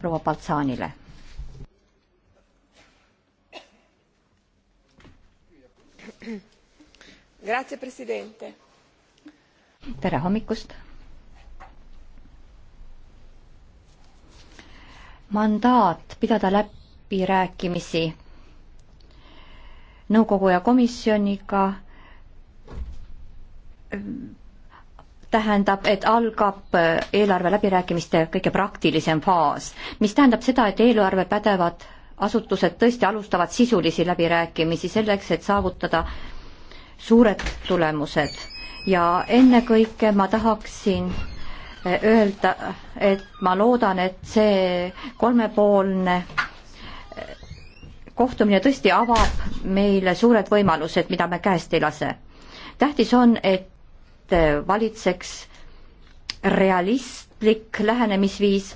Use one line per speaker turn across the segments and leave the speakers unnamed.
proua Baltsaanile. tere hommikust. mandaat pidada läbirääkimisi nõukogu ja komisjoniga tähendab, et algab äh, eelarve läbirääkimiste kõige praktilisem faas, mis tähendab seda, et eelarve pädevad asutused tõesti alustavad sisulisi läbirääkimisi selleks, et saavutada suured tulemused. ja ennekõike ma tahaksin äh, öelda, et ma loodan, et see kolmepoolne äh, kohtumine tõesti avab meile suured võimalused, mida me käest ei lase. tähtis on, et et valitseks realistlik lähenemisviis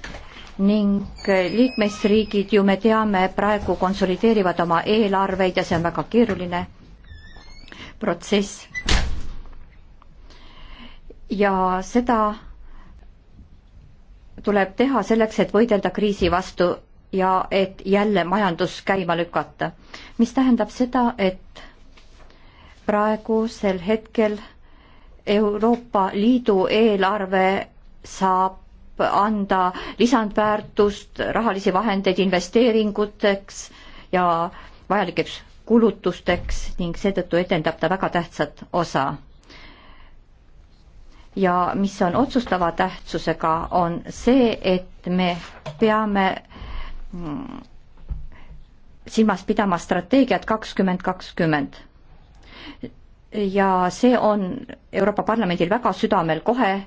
ning liikmesriigid ju me teame, praegu konsolideerivad oma eelarveid ja see on väga keeruline protsess. ja seda tuleb teha selleks, et võidelda kriisi vastu ja et jälle majandus käima lükata, mis tähendab seda, et praegusel hetkel Euroopa Liidu eelarve saab anda lisandväärtust, rahalisi vahendeid investeeringuteks ja vajalikeks kulutusteks ning seetõttu etendab ta väga tähtsat osa. ja mis on otsustava tähtsusega, on see, et me peame mm, silmas pidama strateegiat kakskümmend kakskümmend ja see on Euroopa Parlamendil väga südamel kohe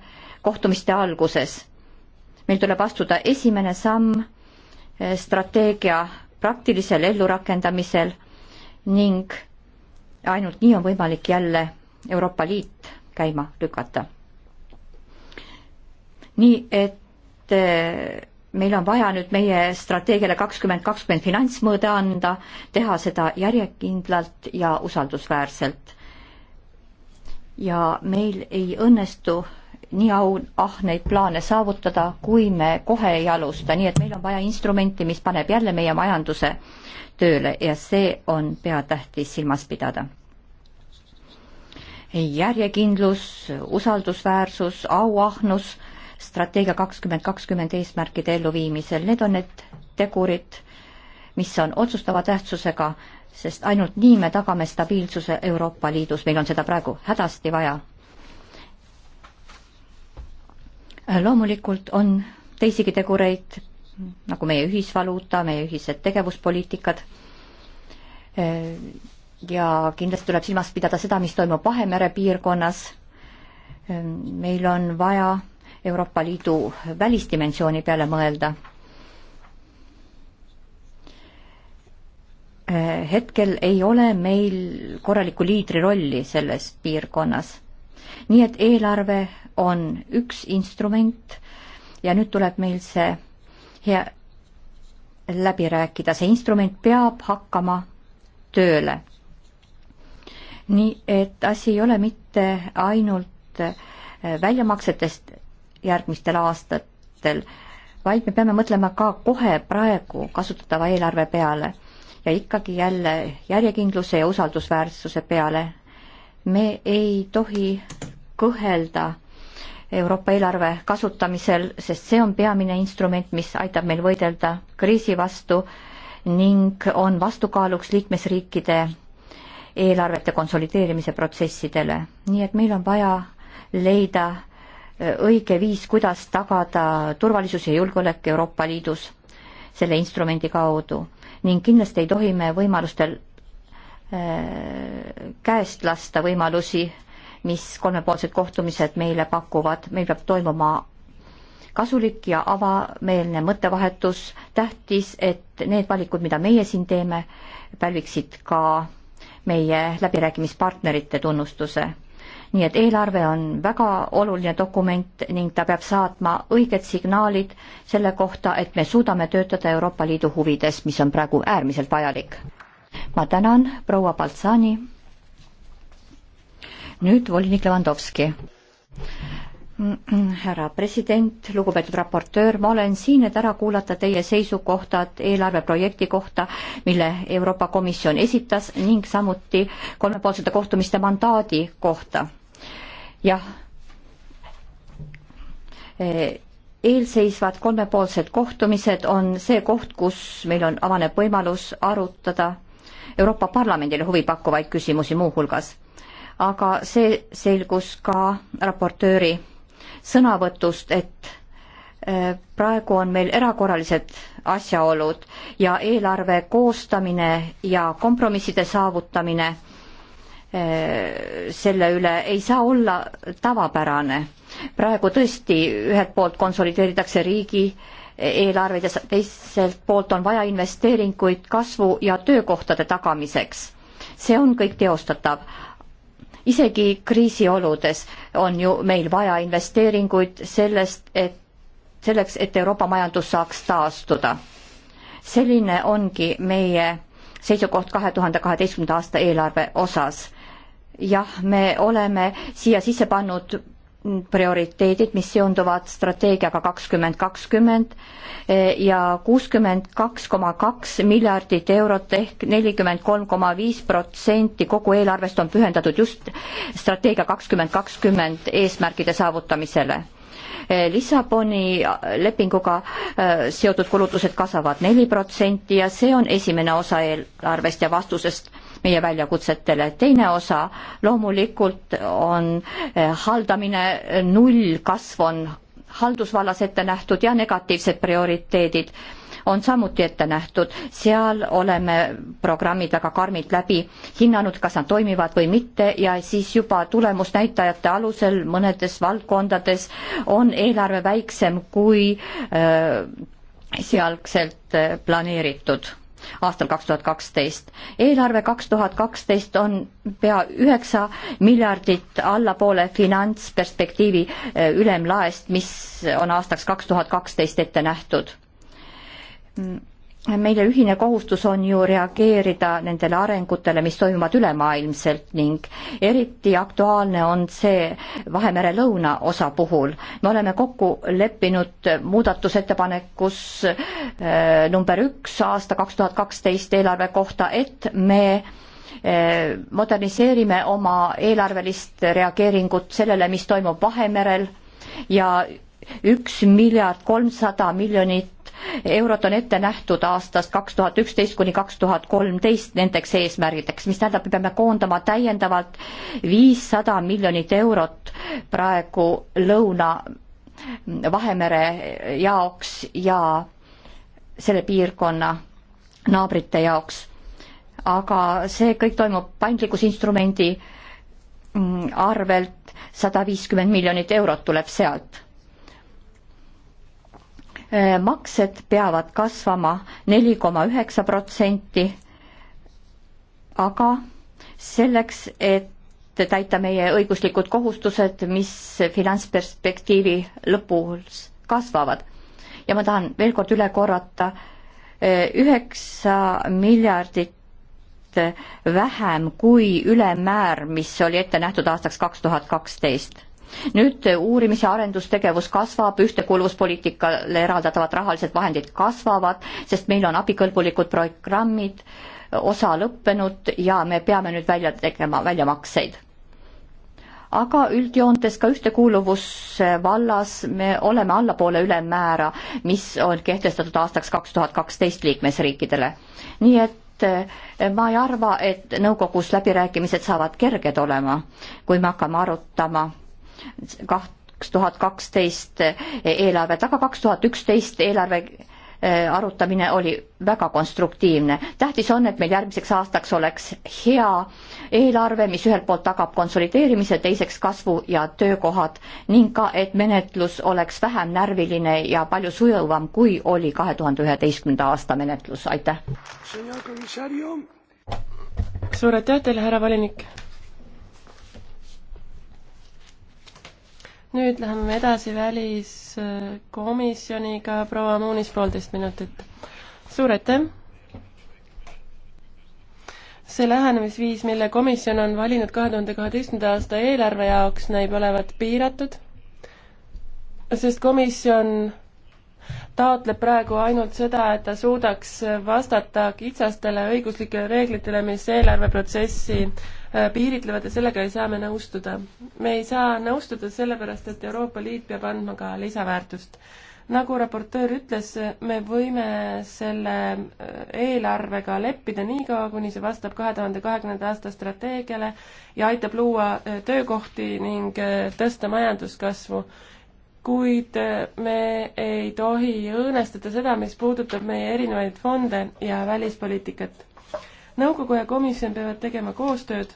kohtumiste alguses. meil tuleb astuda esimene samm eh, strateegia praktilisel ellurakendamisel ning ainult nii on võimalik jälle Euroopa Liit käima lükata. nii et eh, meil on vaja nüüd meie strateegiale kakskümmend kakskümmend finantsmõõde anda, teha seda järjekindlalt ja usaldusväärselt ja meil ei õnnestu nii au, ah neid plaane saavutada, kui me kohe ei alusta, nii et meil on vaja instrumenti, mis paneb jälle meie majanduse tööle ja see on peatähtis silmas pidada. järjekindlus, usaldusväärsus, auahnus, strateegia kakskümmend kakskümmend eesmärkide elluviimisel, need on need tegurid, mis on otsustava tähtsusega sest ainult nii me tagame stabiilsuse Euroopa Liidus, meil on seda praegu hädasti vaja. loomulikult on teisigi tegureid, nagu meie ühisvaluuta, meie ühised tegevuspoliitikad ja kindlasti tuleb silmas pidada seda, mis toimub Vahemere piirkonnas, meil on vaja Euroopa Liidu välisdimensiooni peale mõelda Eh, hetkel ei ole meil korralikku liidri rolli selles piirkonnas. nii et eelarve on üks instrument ja nüüd tuleb meil see hea, läbi rääkida, see instrument peab hakkama tööle. nii et asi ei ole mitte ainult eh, väljamaksetest järgmistel aastatel, vaid me peame mõtlema ka kohe praegu kasutatava eelarve peale ja ikkagi jälle järjekindluse ja usaldusväärsuse peale. me ei tohi kõhelda Euroopa eelarve kasutamisel, sest see on peamine instrument, mis aitab meil võidelda kriisi vastu ning on vastukaaluks liikmesriikide eelarvete konsolideerimise protsessidele. nii et meil on vaja leida õige viis, kuidas tagada turvalisus ja julgeolek Euroopa Liidus selle instrumendi kaudu ning kindlasti ei tohi me võimalustel äh, käest lasta võimalusi, mis kolmepoolsed kohtumised meile pakuvad, meil peab toimuma kasulik ja avameelne mõttevahetus, tähtis, et need valikud, mida meie siin teeme, pälviksid ka meie läbirääkimispartnerite tunnustuse nii et eelarve on väga oluline dokument ning ta peab saatma õiged signaalid selle kohta, et me suudame töötada Euroopa Liidu huvides, mis on praegu äärmiselt vajalik. ma tänan, proua Baltsani. nüüd volinik Levandovski härra president, lugupeetud raportöör, ma olen siin, et ära kuulata teie seisukohtad eelarveprojekti kohta, mille Euroopa Komisjon esitas ning samuti kolmepoolsete kohtumiste mandaadi kohta jah, e, eelseisvad kolmepoolsed kohtumised on see koht, kus meil on, avaneb võimalus arutada Euroopa Parlamendile huvi pakkuvaid küsimusi muuhulgas. aga see selgus ka raportööri sõnavõtust, et e, praegu on meil erakorralised asjaolud ja eelarve koostamine ja kompromisside saavutamine Eh, selle üle ei saa olla tavapärane. praegu tõesti ühelt poolt konsolideeritakse riigi eelarveid ja teiselt poolt on vaja investeeringuid kasvu ja töökohtade tagamiseks. see on kõik teostatav. isegi kriisioludes on ju meil vaja investeeringuid sellest, et selleks, et Euroopa majandus saaks taastuda. selline ongi meie seisukoht kahe tuhande kaheteistkümnenda aasta eelarve osas jah, me oleme siia sisse pannud prioriteedid, mis seonduvad strateegiaga kakskümmend kakskümmend eh, ja kuuskümmend kaks koma kaks miljardit eurot ehk nelikümmend kolm koma viis protsenti kogu eelarvest on pühendatud just strateegia kakskümmend kakskümmend eesmärkide saavutamisele eh, Lissaboni eh, lepinguga seotud kulutused kasvavad neli protsenti ja see on esimene osa eelarvest ja vastusest meie väljakutsetele. teine osa loomulikult on eh, haldamine, nullkasv on haldusvallas ette nähtud ja negatiivsed prioriteedid on samuti ette nähtud. seal oleme programmid väga karmilt läbi hinnanud, kas nad toimivad või mitte ja siis juba tulemusnäitajate alusel mõnedes valdkondades on eelarve väiksem kui äh, esialgselt eh, planeeritud aastal kaks tuhat kaksteist. eelarve kaks tuhat kaksteist on pea üheksa miljardit allapoole finantsperspektiivi eh, ülemlaest, mis on aastaks kaks tuhat kaksteist ette nähtud mm meie ühine kohustus on ju reageerida nendele arengutele, mis toimuvad ülemaailmselt ning eriti aktuaalne on see Vahemere lõunaosa puhul. me oleme kokku leppinud muudatusettepanekus äh, number üks aasta kaks tuhat kaksteist eelarve kohta, et me äh, moderniseerime oma eelarvelist reageeringut sellele, mis toimub Vahemerel ja üks miljard kolmsada miljonit eurot on ette nähtud aastast kaks tuhat üksteist kuni kaks tuhat kolmteist nendeks eesmärgideks, mis tähendab, me peame koondama täiendavalt viissada miljonit eurot praegu Lõuna Vahemere jaoks ja selle piirkonna naabrite jaoks. aga see kõik toimub paindlikkusinstrumendi mm, arvelt, sada viiskümmend miljonit eurot tuleb sealt Äh, maksed peavad kasvama neli koma üheksa protsenti, aga selleks, et täita meie õiguslikud kohustused, mis finantsperspektiivi lõpus kasvavad. ja ma tahan veel kord üle korrata, äh, üheksa miljardit äh, vähem kui ülemäär, mis oli ette nähtud aastaks kaks tuhat kaksteist nüüd uurimis- ja arendustegevus kasvab, ühtekuuluvuspoliitikale eraldatavad rahalised vahendid kasvavad, sest meil on abikõlbulikud programmid, osa lõppenud ja me peame nüüd välja tegema väljamakseid. aga üldjoontes ka ühtekuuluvusvallas me oleme allapoole ülemmäära, mis on kehtestatud aastaks kaks tuhat kaksteist liikmesriikidele. nii et eh, ma ei arva, et nõukogus läbirääkimised saavad kerged olema, kui me hakkame arutama kaks tuhat kaksteist eelarvet, aga kaks tuhat üksteist eelarve eh, arutamine oli väga konstruktiivne. tähtis on, et meil järgmiseks aastaks oleks hea eelarve, mis ühelt poolt tagab konsolideerimise, teiseks kasvu ja töökohad ning ka, et menetlus oleks vähem närviline ja palju sujuvam, kui oli kahe tuhande üheteistkümnenda aasta menetlus, aitäh! suur aitäh teile, härra volinik!
nüüd läheme edasi väliskomisjoniga, proua Muunis, poolteist minutit. suur aitäh! see lähenemisviis, mille komisjon on valinud kahe tuhande kaheteistkümnenda aasta eelarve jaoks, näib olevat piiratud, sest komisjon taotleb praegu ainult seda, et ta suudaks vastata kitsastele õiguslikele reeglitele, mis eelarveprotsessi Äh, piiritlevad ja sellega ei saa me nõustuda. me ei saa nõustuda sellepärast, et Euroopa Liit peab andma ka lisaväärtust. nagu raportöör ütles, me võime selle äh, eelarvega leppida niikaua, kuni see vastab kahe tuhande kahekümnenda aasta strateegiale ja aitab luua äh, töökohti ning tõsta majanduskasvu kuid me ei tohi õõnestada seda, mis puudutab meie erinevaid fonde ja välispoliitikat. nõukogu ja komisjon peavad tegema koostööd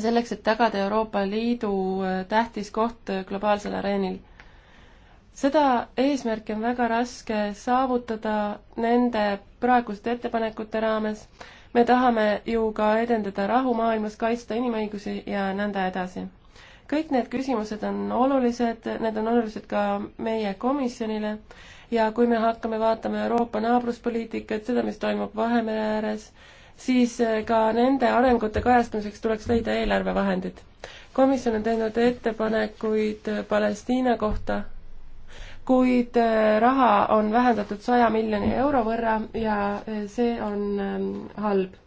selleks, et tagada Euroopa Liidu äh, tähtis koht äh, globaalsel areenil. seda eesmärki on väga raske saavutada nende praeguste ettepanekute raames. me tahame ju ka edendada rahu maailmas, kaitsta inimõigusi ja nõnda edasi. kõik need küsimused on olulised, need on olulised ka meie komisjonile ja kui me hakkame vaatama Euroopa naabruspoliitikat, seda, mis toimub Vahemere ääres, siis eh, ka nende arengute kajastamiseks tuleks leida eelarvevahendid. komisjon on teinud ettepanekuid eh, Palestiina kohta, kuid eh, raha on vähendatud saja miljoni euro võrra ja see on ehm, halb.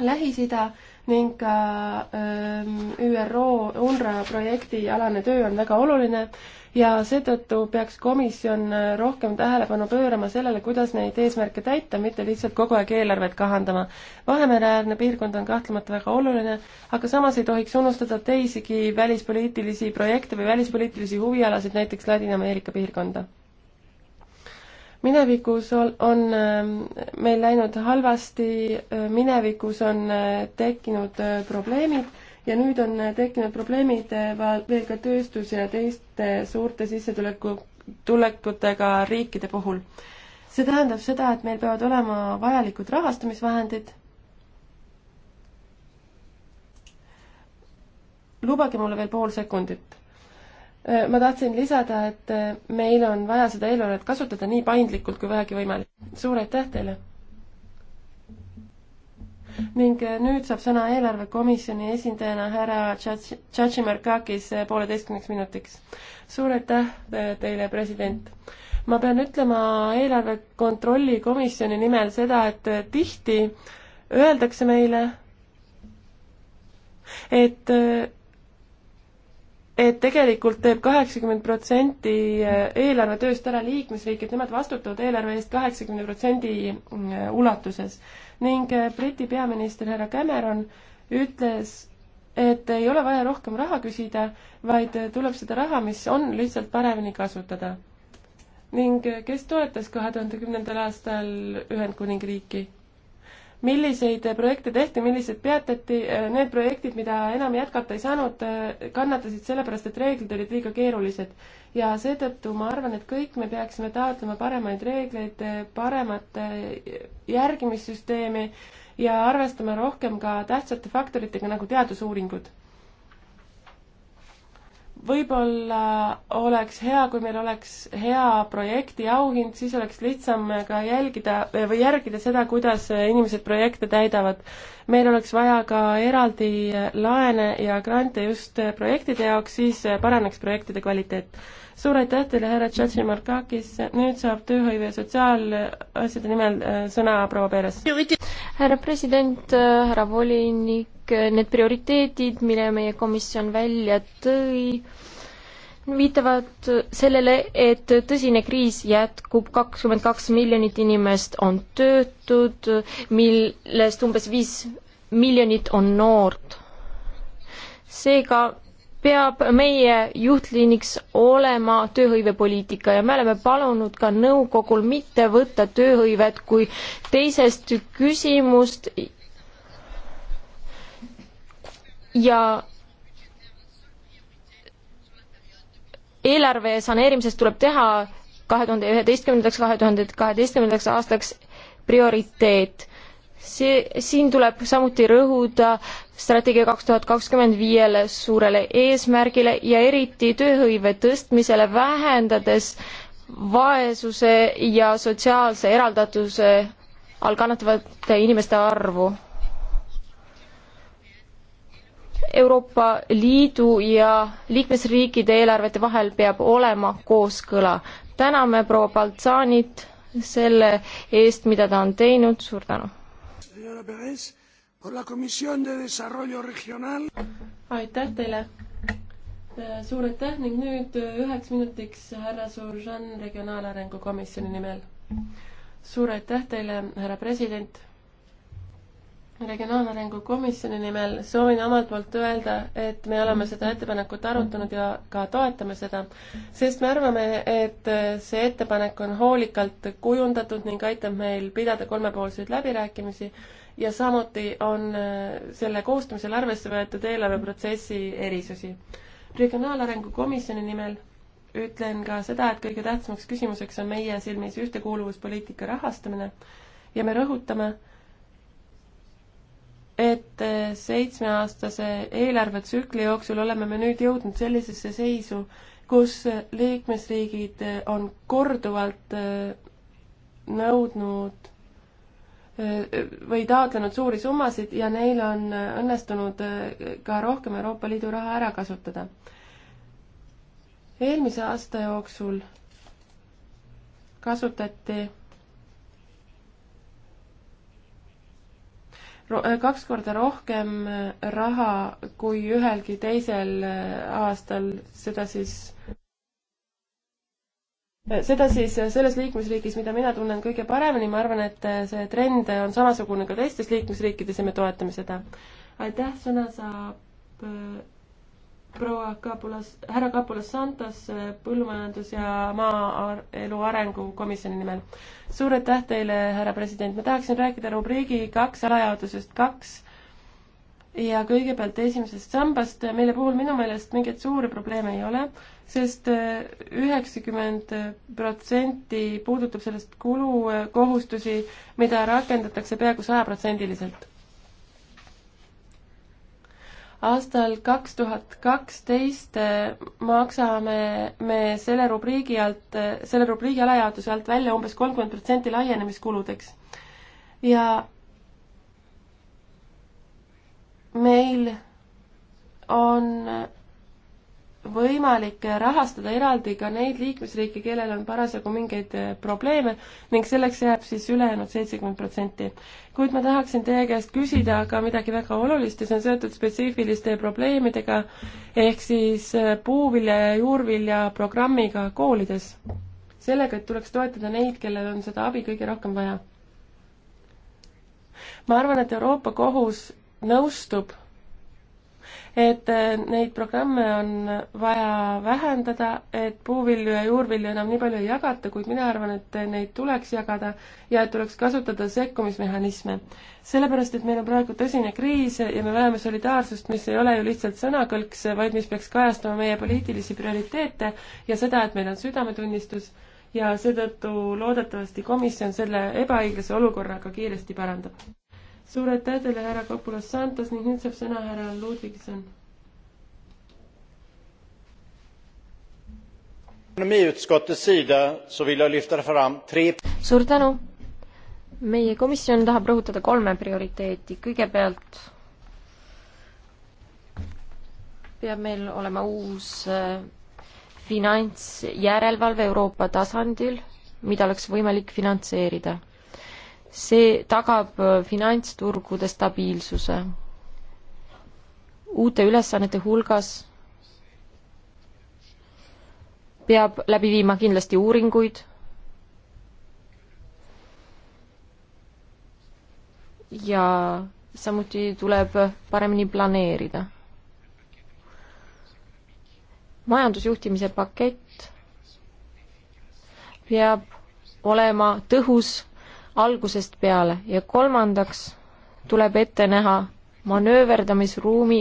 Lähis-Ida ning ka ehm, ÜRO UNRWA projekti alane töö on väga oluline ja seetõttu peaks komisjon äh, rohkem tähelepanu pöörama sellele, kuidas neid eesmärke täita, mitte lihtsalt kogu aeg eelarvet kahandama. Vahemere-äärne piirkond on kahtlemata väga oluline, aga samas ei tohiks unustada teisigi välispoliitilisi projekte või välispoliitilisi huvialasid, näiteks Ladina-Ameerika piirkonda minevikus on ähm, meil läinud halvasti, äh, minevikus on äh, tekkinud probleemid ja nüüd on tekkinud probleemid eh, veel ka tööstus ja teiste suurte sissetuleku, tulekutega riikide puhul. see tähendab seda, et meil peavad olema vajalikud rahastamisvahendid. lubage mulle veel pool sekundit eh, ma tahtsin lisada, et eh, meil on vaja seda eelarvet kasutada nii paindlikult kui vähegi võimalik. suur aitäh teile! ning äh, nüüd saab sõna eelarvekomisjoni esindajana härra Tšatšimarkakis äh, pooleteistkümneks minutiks. suur aitäh äh, teile, president! ma pean ütlema eelarve kontrolli komisjoni nimel seda, et tihti öeldakse meile, et et tegelikult teeb kaheksakümmend protsenti eelarve tööst ära liikmesriik, et nemad vastutavad eelarve eest kaheksakümne protsendi mm, ulatuses. Ulatuses ning äh, Briti peaminister härra Cameron ütles, et ei ole vaja rohkem raha küsida, vaid äh, tuleb seda raha, mis on, lihtsalt paremini kasutada. ning äh, kes toetas kahe tuhande kümnendal aastal Ühendkuningriiki? milliseid projekte tehti, millised peatati, äh, need projektid, mida enam jätkata ei saanud, äh, kannatasid sellepärast, et reeglid olid liiga keerulised. ja seetõttu ma arvan, et kõik me peaksime taotlema paremaid reegleid, äh, paremat järgimissüsteemi ja arvestama rohkem ka tähtsate faktoritega nagu teadusuuringud võib-olla oleks hea, kui meil oleks hea projekti auhind, siis oleks lihtsam ka jälgida või järgida seda, kuidas inimesed projekte täidavad. meil oleks vaja ka eraldi laene ja grante just projektide jaoks, siis paraneks projektide kvaliteet. suur aitäh teile, härra Tšatši Markakis, nüüd saab tööhõive sotsiaalasjade nimel äh, sõna proua Peeres. härra president, äh, härra volinik,
kõik need prioriteedid, mille meie komisjon välja tõi, viitavad sellele, et tõsine kriis jätkub, kakskümmend kaks miljonit inimest on töötud, millest umbes viis miljonit on noort. seega peab meie juhtliiniks olema tööhõivepoliitika ja me oleme palunud ka nõukogul mitte võtta tööhõivet kui teisest küsimust ja eelarve saneerimisest tuleb teha kahe tuhande üheteistkümnendaks, kahe tuhande kaheteistkümnendaks aastaks prioriteet. see, siin tuleb samuti rõhuda strateegia kaks tuhat kakskümmend viiele suurele eesmärgile ja eriti tööhõive tõstmisele, vähendades vaesuse ja sotsiaalse eraldatuse all kannatavate inimeste arvu Euroopa Liidu ja liikmesriikide eelarvete vahel peab olema kooskõla. täname proua Baltsaanit selle eest, mida ta on teinud, suur tänu.
aitäh teile. suur aitäh ning nüüd üheks minutiks härra Surjan Regionaalarengu Komisjoni nimel. suur aitäh teile, härra president regionaalarengu komisjoni nimel soovin omalt poolt öelda, et me oleme seda ettepanekut arutanud ja ka toetame seda, sest me arvame, et see ettepanek on hoolikalt kujundatud ning aitab meil pidada kolmepoolseid läbirääkimisi ja samuti on äh, selle koostamisel arvesse võetud eelarveprotsessi erisusi. regionaalarengu komisjoni nimel ütlen ka seda, et kõige tähtsamaks küsimuseks on meie silmis ühtekuuluvuspoliitika rahastamine ja me rõhutame, et seitsmeaastase eelarvetsükli jooksul oleme me nüüd jõudnud sellisesse seisu, kus liikmesriigid on korduvalt äh, nõudnud äh, või taotlenud suuri summasid ja neil on äh, õnnestunud ka rohkem Euroopa Liidu raha ära kasutada. eelmise aasta jooksul kasutati Äh, kaks korda rohkem äh, raha kui ühelgi teisel äh, aastal, seda siis, seda siis selles liikmesriigis, mida mina tunnen kõige paremini, ma arvan, et see trend on samasugune ka teistes liikmesriikides ja me toetame seda. aitäh, sõna saab proua Kapulas, härra Kapulas Santos Põllumajandus- ja Maaelu Arengu Komisjoni nimel. suur aitäh teile, härra president, ma tahaksin rääkida rubriigi kaks alajaotusest kaks ja kõigepealt esimesest sambast, mille puhul minu meelest mingeid suuri probleeme ei ole sest, sest äh, üheksakümmend protsenti puudutab sellest kulukohustusi, mida rakendatakse peaaegu sajaprotsendiliselt aastal kaks tuhat kaksteist äh, maksame me selle rubriigi alt, äh, selle rubriigi alajaotuse alt välja umbes kolmkümmend protsenti laienemiskuludeks. ja meil on võimalik rahastada eraldi ka neid liikmesriike, kellel on parasjagu mingeid eh, probleeme ning selleks jääb siis ülejäänud seitsekümmend protsenti. kuid ma tahaksin teie käest küsida ka midagi väga olulist ja see on seotud spetsiifiliste probleemidega ehk siis eh, puuvilja ja juurvilja programmiga koolides. sellega, et tuleks toetada neid, kellel on seda abi kõige rohkem vaja. ma arvan, et Euroopa Kohus nõustub et äh, neid programme on vaja vähendada, et puuvilju ja juurvilju enam nii palju ei jagata, kuid mina arvan, et neid tuleks jagada ja et tuleks kasutada sekkumismehhanisme. sellepärast, et meil on praegu tõsine kriis ja me vajame solidaarsust, mis ei ole ju lihtsalt sõnakõlks, vaid mis peaks kajastama meie poliitilisi prioriteete ja seda, et meil on südametunnistus ja seetõttu loodetavasti komisjon selle ebaõiglase olukorra ka kiiresti parandab suur aitäh teile, härra Kapulas Santos ning nüüd saab sõna härra Ludvigson. suur tänu.
meie komisjon tahab rõhutada kolme prioriteeti. kõigepealt peab meil olema uus äh, finantsjärelevalve Euroopa tasandil, mida oleks võimalik finantseerida see tagab äh, finantsturgude stabiilsuse. uute ülesannete hulgas peab läbi viima kindlasti uuringuid ja samuti tuleb paremini planeerida. majandusjuhtimise pakett peab olema tõhus algusest peale ja kolmandaks tuleb ette näha manööverdamisruumi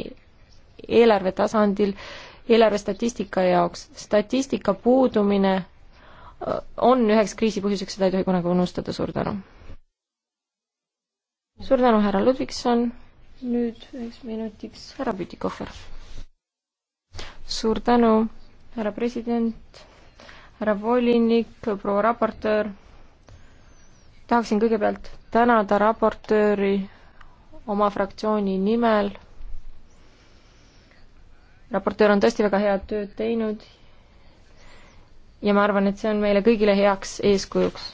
eelarve tasandil eelarvestatistika jaoks. statistika puudumine äh, on üheks kriisi põhjuseks, seda ei tohi kunagi unustada, suur tänu. suur tänu, härra Ludvikson, nüüd üheks minutiks härra Pütikohver. suur tänu, härra president, härra volinik, proua raportöör tahaksin kõigepealt tänada raportööri oma fraktsiooni nimel. raportöör on tõesti väga head tööd teinud ja ma arvan, et see on meile kõigile heaks eeskujuks.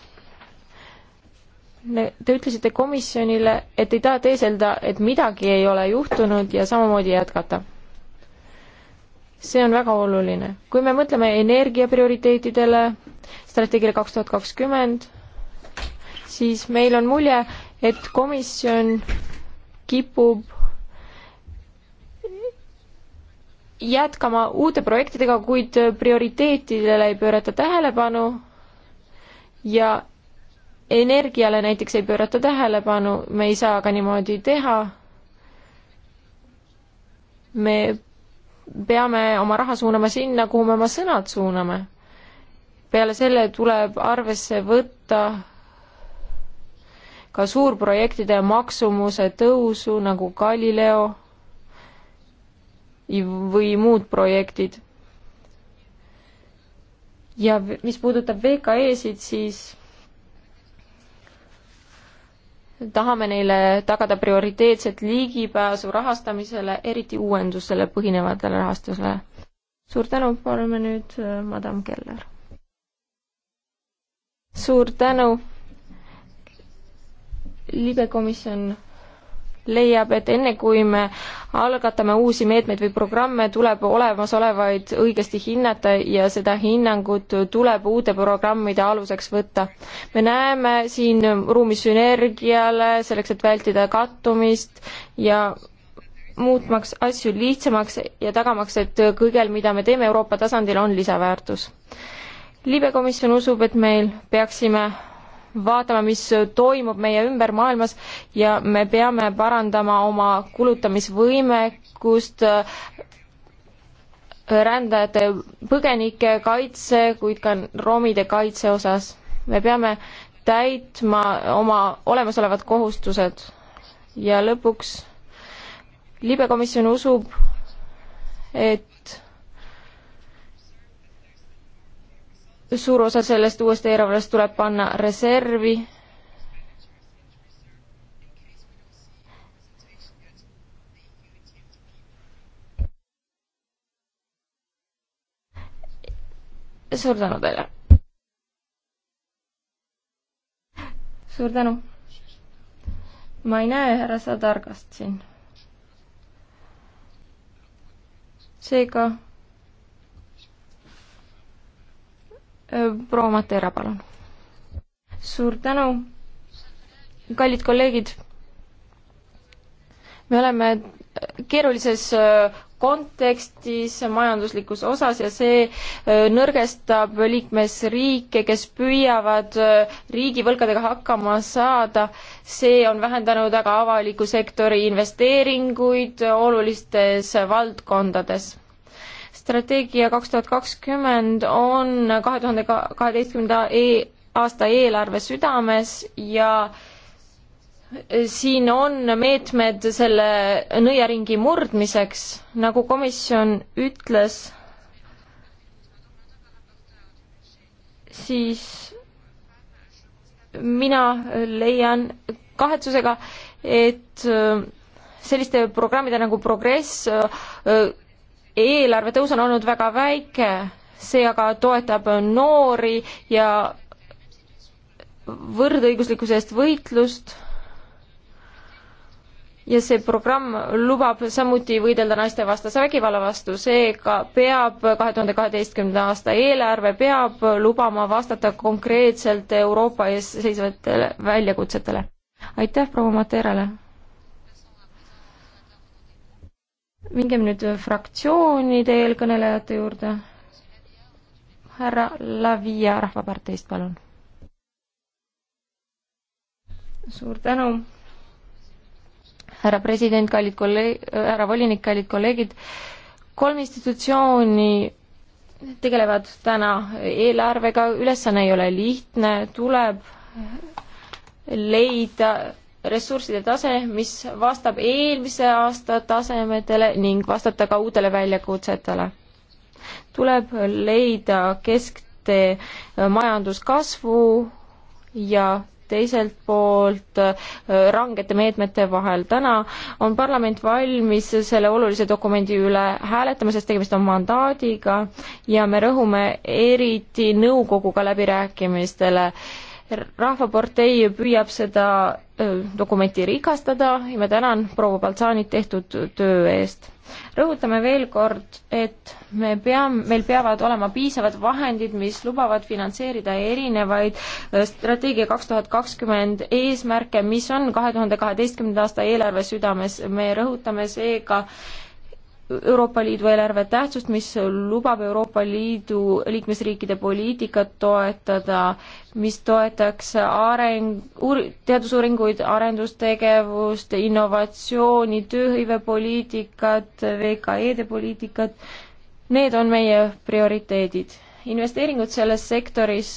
Te ütlesite komisjonile, et ei taha teeselda, et midagi ei ole juhtunud ja samamoodi jätkata. see on väga oluline. kui me mõtleme energia prioriteetidele, strateegiale kaks tuhat kakskümmend, siis meil on mulje, et komisjon kipub jätkama uute projektidega, kuid prioriteetidele ei pöörata tähelepanu ja energiale näiteks ei pöörata tähelepanu, me ei saa ka niimoodi teha. me peame oma raha suunama sinna, kuhu me oma sõnad suuname. peale selle tuleb arvesse võtta ka suurprojektide maksumuse tõusu nagu Galileo või muud projektid. ja mis puudutab VKE-sid, siis tahame neile tagada prioriteetset ligipääsu rahastamisele, eriti uuendusele põhinevatele rahastusele. suur tänu, palume nüüd äh, madam Keller. suur tänu libekomisjon leiab, et enne kui me algatame uusi meetmeid või programme, tuleb olemasolevaid õigesti hinnata ja seda hinnangut tuleb uute programmide aluseks võtta. me näeme siin ruumi sünergiale, selleks et vältida kattumist ja muutmaks asju lihtsamaks ja tagamaks, et kõigel, mida me teeme Euroopa tasandil, on lisaväärtus. libekomisjon usub, et meil peaksime vaatama, mis toimub meie ümber maailmas ja me peame parandama oma kulutamisvõimekust, äh, rändajate põgenike kaitse, kuid ka romide kaitse osas. me peame täitma oma olemasolevad kohustused ja lõpuks libekomisjon usub, et suur osa sellest uuest eelarvest tuleb panna reservi. suur tänu teile. suur tänu. ma ei näe härra Sadargast siin. seega proua Matera, palun. suur tänu, kallid kolleegid. me oleme keerulises äh, kontekstis, majanduslikus osas ja see äh, nõrgestab liikmesriike, kes püüavad äh, riigivõlgadega hakkama saada. see on vähendanud aga avaliku sektori investeeringuid olulistes valdkondades strateegia kaks tuhat kakskümmend on kahe tuhande kaheteistkümnenda e-, aasta eelarve südames ja siin on meetmed selle nõiaringi murdmiseks, nagu komisjon ütles, siis mina leian kahetsusega, et selliste programmide nagu Progress eelarve tõus on olnud väga väike, see aga toetab noori ja võrdõiguslikkuse eest võitlust ja see programm lubab samuti võidelda naistevastase vägivalla vastu, seega peab kahe tuhande kaheteistkümnenda aasta eelarve peab lubama vastata konkreetselt Euroopa ees seisvatele väljakutsetele. aitäh proua Materale! mingem nüüd fraktsioonide eelkõnelejate juurde. härra Lavia Rahvaparteist, palun. suur tänu. härra president, kallid kolleeg-, härra volinik, kallid kolleegid, kolm institutsiooni tegelevad täna eelarvega, ülesanne ei ole lihtne, tuleb leida ressursside tase, mis vastab eelmise aasta tasemetele ning vastata ka uutele väljakutsetele. tuleb leida kesktee äh, majanduskasvu ja teiselt poolt äh, rangete meetmete vahel. täna on parlament valmis selle olulise dokumendi üle hääletama, sest tegemist on mandaadiga ja me rõhume eriti nõukoguga läbirääkimistele äh, rahvapartei püüab seda dokumenti rikastada ja ma tänan proua Baltsaanit tehtud töö eest. rõhutame veel kord, et me peame, meil peavad olema piisavad vahendid, mis lubavad finantseerida erinevaid strateegia kaks tuhat kakskümmend eesmärke, mis on kahe tuhande kaheteistkümnenda aasta eelarve südames. me rõhutame seega ka Euroopa Liidu eelarve tähtsust, mis lubab Euroopa Liidu liikmesriikide poliitikat toetada, mis toetaks areng, teadusuuringuid, arendustegevust, innovatsiooni, tööhõivepoliitikat, VKE-de poliitikat. Need on meie prioriteedid. investeeringud selles sektoris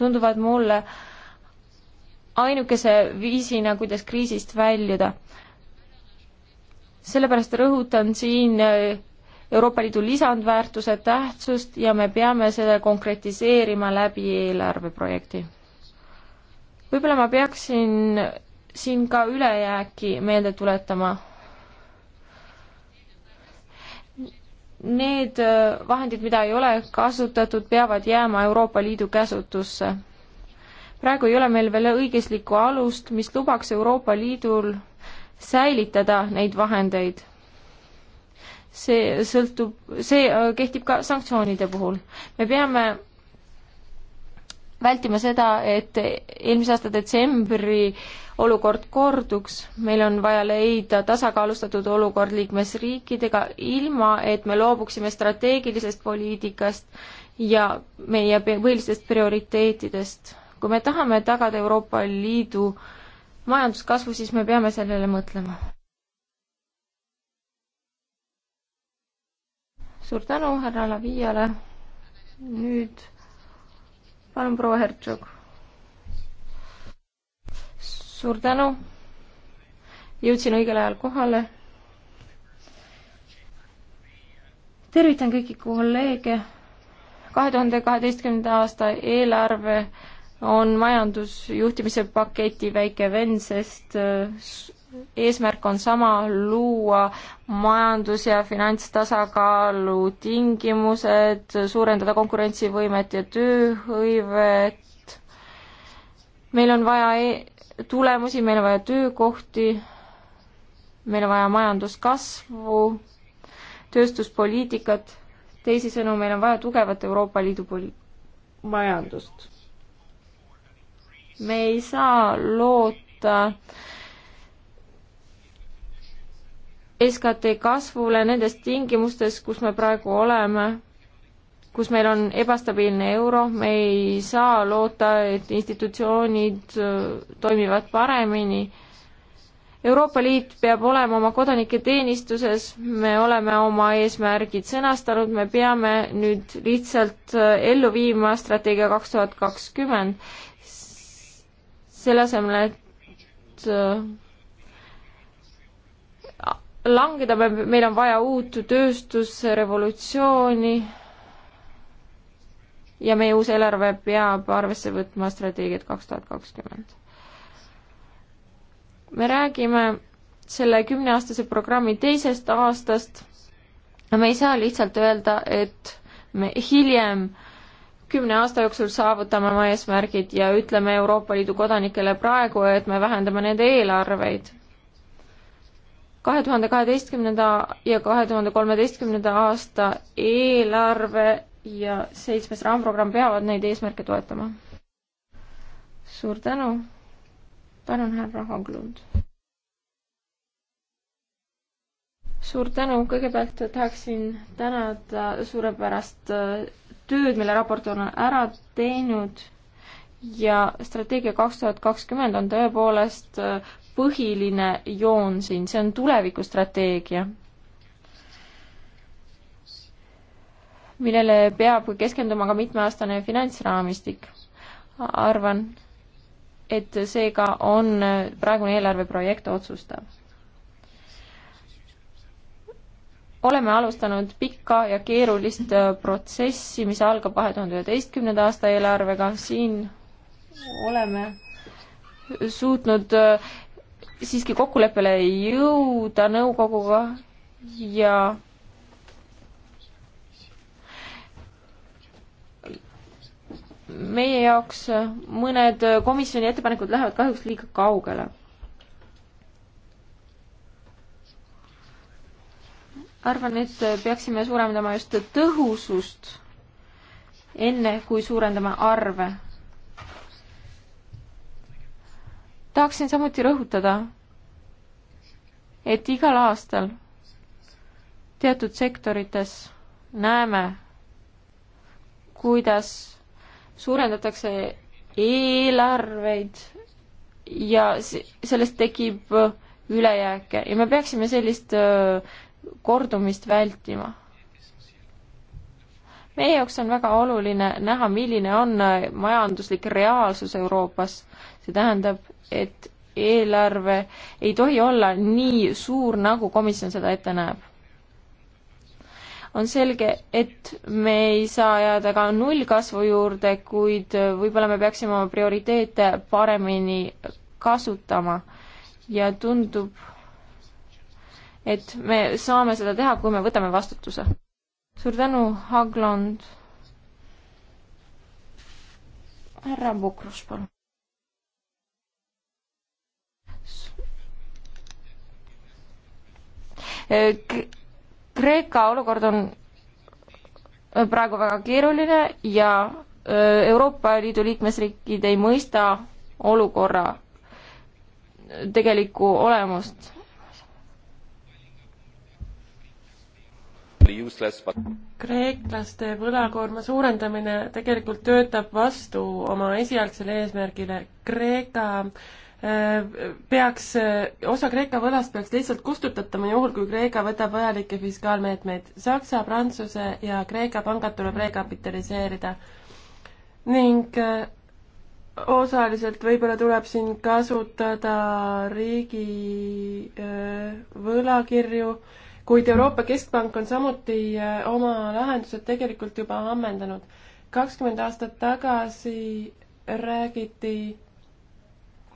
tunduvad mulle ainukese viisina, kuidas kriisist väljuda sellepärast rõhutan siin äh, Euroopa Liidu lisandväärtuse tähtsust ja me peame selle konkretiseerima läbi eelarveprojekti. võib-olla ma peaksin siin ka ülejääki meelde tuletama. Need äh, vahendid, mida ei ole kasutatud, peavad jääma Euroopa Liidu käsutusse. praegu ei ole meil veel õiguslikku alust, mis lubaks Euroopa Liidul säilitada neid vahendeid. see sõltub, see äh, kehtib ka sanktsioonide puhul. me peame vältima seda, et eelmise aasta detsembri olukord korduks, meil on vaja leida tasakaalustatud olukord liikmesriikidega, ilma et me loobuksime strateegilisest poliitikast ja meie põhilistest prioriteetidest. kui me tahame tagada Euroopa Liidu äh, majanduskasvu, siis me peame sellele mõtlema. suur tänu härra Laviale. nüüd palun proua Hertsog. suur tänu. jõudsin õigel ajal kohale. tervitan kõiki kolleege. kahe tuhande kaheteistkümnenda aasta eelarve on majandusjuhtimise paketi väike vend, sest äh, eesmärk on sama, luua majandus- ja finantstasakaalu tingimused, suurendada konkurentsivõimet ja tööhõivet. meil on vaja e tulemusi, meil on vaja töökohti, meil on vaja majanduskasvu, tööstuspoliitikat, teisisõnu, meil on vaja tugevat Euroopa Liidu poli-, majandust me ei saa loota SKT kasvule nendes tingimustes, kus me praegu oleme, kus meil on ebastabiilne euro, me ei saa loota, et institutsioonid äh, toimivad paremini. Euroopa Liit peab olema oma kodanike teenistuses, me oleme oma eesmärgid sõnastanud, me peame nüüd lihtsalt äh, ellu viima strateegia kaks tuhat kakskümmend selle asemel, et äh, langeda, meil on vaja uut tööstusrevolutsiooni ja meie uus eelarve peab arvesse võtma strateegiat kaks tuhat kakskümmend. me räägime selle kümneaastase programmi teisest aastast, me ei saa lihtsalt öelda, et me hiljem äh, kümne aasta jooksul saavutame oma eesmärgid ja ütleme Euroopa Liidu kodanikele praegu, et me vähendame nende eelarveid. kahe tuhande kaheteistkümnenda ja kahe tuhande kolmeteistkümnenda aasta eelarve ja seitsmes raamprogramm peavad neid eesmärke toetama. suur tänu. palun, härra Haglund. suur tänu, kõigepealt tahaksin tänada suurepärast äh, tööd, mille raportöör on ära teinud ja strateegia kaks tuhat kakskümmend on tõepoolest äh, põhiline joon siin, see on tulevikustrateegia, millele peab keskenduma ka mitmeaastane finantsraamistik. arvan, et seega on äh, praegune eelarveprojekt otsustav oleme alustanud pikka ja keerulist äh, protsessi, mis algab kahe tuhande üheteistkümnenda aasta eelarvega, siin oleme suutnud äh, siiski kokkuleppele jõuda nõukoguga ja meie jaoks mõned komisjoni ettepanekud lähevad kahjuks liiga kaugele arvan, et peaksime suurendama just tõhusust, enne kui suurendame arve. tahaksin samuti rõhutada, et igal aastal teatud sektorites näeme, kuidas suurendatakse eelarveid ja sellest tekib ülejääke ja me peaksime sellist kordumist vältima. meie jaoks on väga oluline näha, milline on äh, majanduslik reaalsus Euroopas. see tähendab, et eelarve ei tohi olla nii suur, nagu komisjon seda ette näeb. on selge, et me ei saa jääda ka nullkasvu juurde, kuid äh, võib-olla me peaksime oma prioriteete paremini kasutama ja tundub et me saame seda teha, kui me võtame vastutuse. suur tänu, Haglund. härra Pukrus, palun. Kreeka olukord on äh, praegu väga keeruline ja äh, Euroopa Liidu liikmesriigid ei mõista olukorra
äh, tegelikku olemust kreeklaste võlakoorma suurendamine tegelikult töötab vastu oma esialgsele eesmärgile. Kreeka äh, peaks, äh, osa Kreeka võlast peaks lihtsalt kustutatama juhul, kui Kreeka võtab vajalikke fiskaalmeetmeid. Saksa, Prantsuse ja Kreeka pangad tuleb rekapitaliseerida ning äh, osaliselt võib-olla tuleb siin kasutada riigi võlakirju kuid Euroopa Keskpank on samuti äh, oma lahendused tegelikult juba ammendanud. kakskümmend aastat tagasi räägiti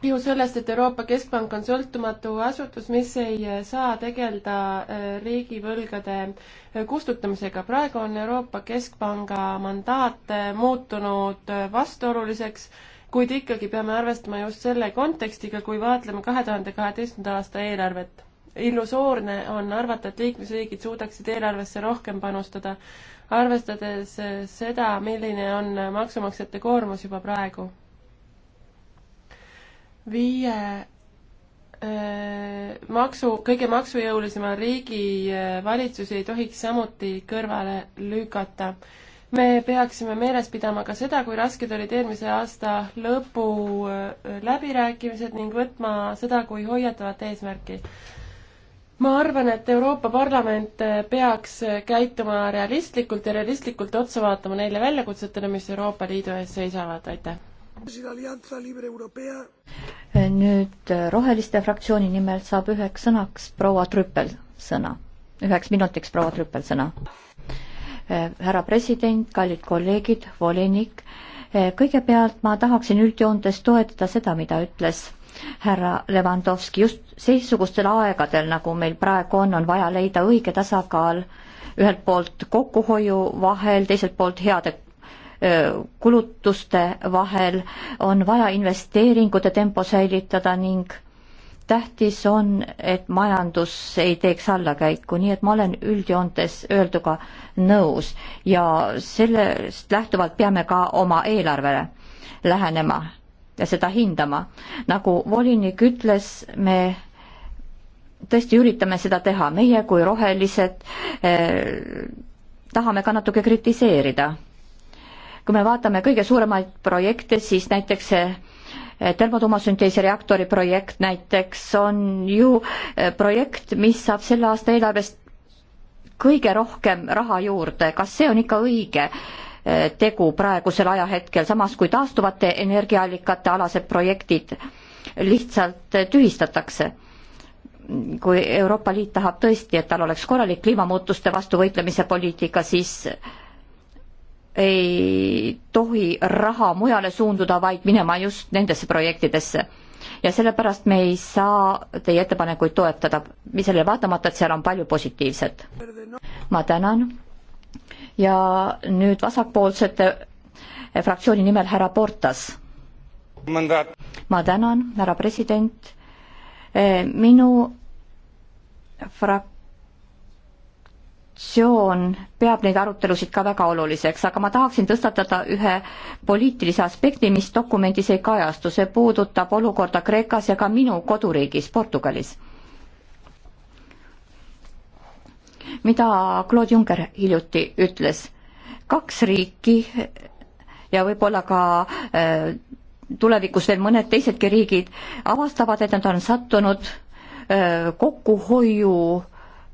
ju sellest, et Euroopa Keskpank on sõltumatu asutus, mis ei äh, saa tegeleda äh, riigivõlgade kustutamisega. praegu on Euroopa Keskpanga mandaat muutunud vastuoluliseks, kuid ikkagi peame arvestama just selle kontekstiga, kui vaatleme kahe tuhande kaheteistkümnenda aasta eelarvet illusoorne on arvata, et liikmesriigid suudaksid eelarvesse rohkem panustada, arvestades seda, milline on maksumaksjate koormus juba praegu. viie äh, maksu, kõige maksujõulisema riigi äh, valitsusi ei tohiks samuti kõrvale lükata me peaksime meeles pidama ka seda, kui rasked olid eelmise aasta lõpu äh, läbirääkimised ning võtma seda kui hoiatavat eesmärki ma arvan, et Euroopa Parlament peaks käituma realistlikult ja realistlikult otsa vaatama neile väljakutsetele, mis Euroopa Liidu ees seisavad, aitäh.
nüüd äh, Roheliste fraktsiooni nimel saab üheks sõnaks proua Trüppel sõna, üheks minutiks proua Trüppel sõna. Äh, härra president, kallid kolleegid, volinik, äh, kõigepealt ma tahaksin üldjoontes toetada seda, mida ütles härra Levandovski, just seesugustel aegadel, nagu meil praegu on, on vaja leida õige tasakaal ühelt poolt kokkuhoiu vahel, teiselt poolt heade kulutuste vahel, on vaja investeeringute tempo säilitada ning tähtis on, et majandus ei teeks allakäiku, nii et ma olen üldjoontes öelduga nõus ja sellest lähtuvalt peame ka oma eelarvele lähenema ja seda hindama. nagu volinik ütles, me tõesti üritame seda teha, meie kui rohelised eh, tahame ka natuke kritiseerida. kui me vaatame kõige suuremaid projekte, siis näiteks see eh, termotuumasünteesi reaktori projekt näiteks on ju eh, projekt, mis saab selle aasta eelarvest kõige rohkem raha juurde, kas see on ikka õige? tegu praegusel ajahetkel, samas kui taastuvate energiaallikate alased projektid lihtsalt tühistatakse. kui Euroopa Liit tahab tõesti, et tal oleks korralik kliimamuutuste vastu võitlemise poliitika, siis ei tohi raha mujale suunduda, vaid minema just nendesse projektidesse. ja sellepärast me ei saa teie ettepanekuid toetada, sellele vaatamata, et seal on palju positiivset. ma tänan ja nüüd vasakpoolsete eh, fraktsiooni nimel härra Portas. ma tänan, härra president. Eh, minu fraktsioon peab neid arutelusid ka väga oluliseks, aga ma tahaksin tõstatada ühe poliitilise aspekti, mis dokumendis ei kajastu, see puudutab olukorda Kreekas ja ka minu koduriigis Portugalis mida Claude Juncker hiljuti ütles. kaks riiki ja võib-olla ka äh, tulevikus veel mõned teisedki riigid avastavad, et nad on sattunud äh, kokkuhoiu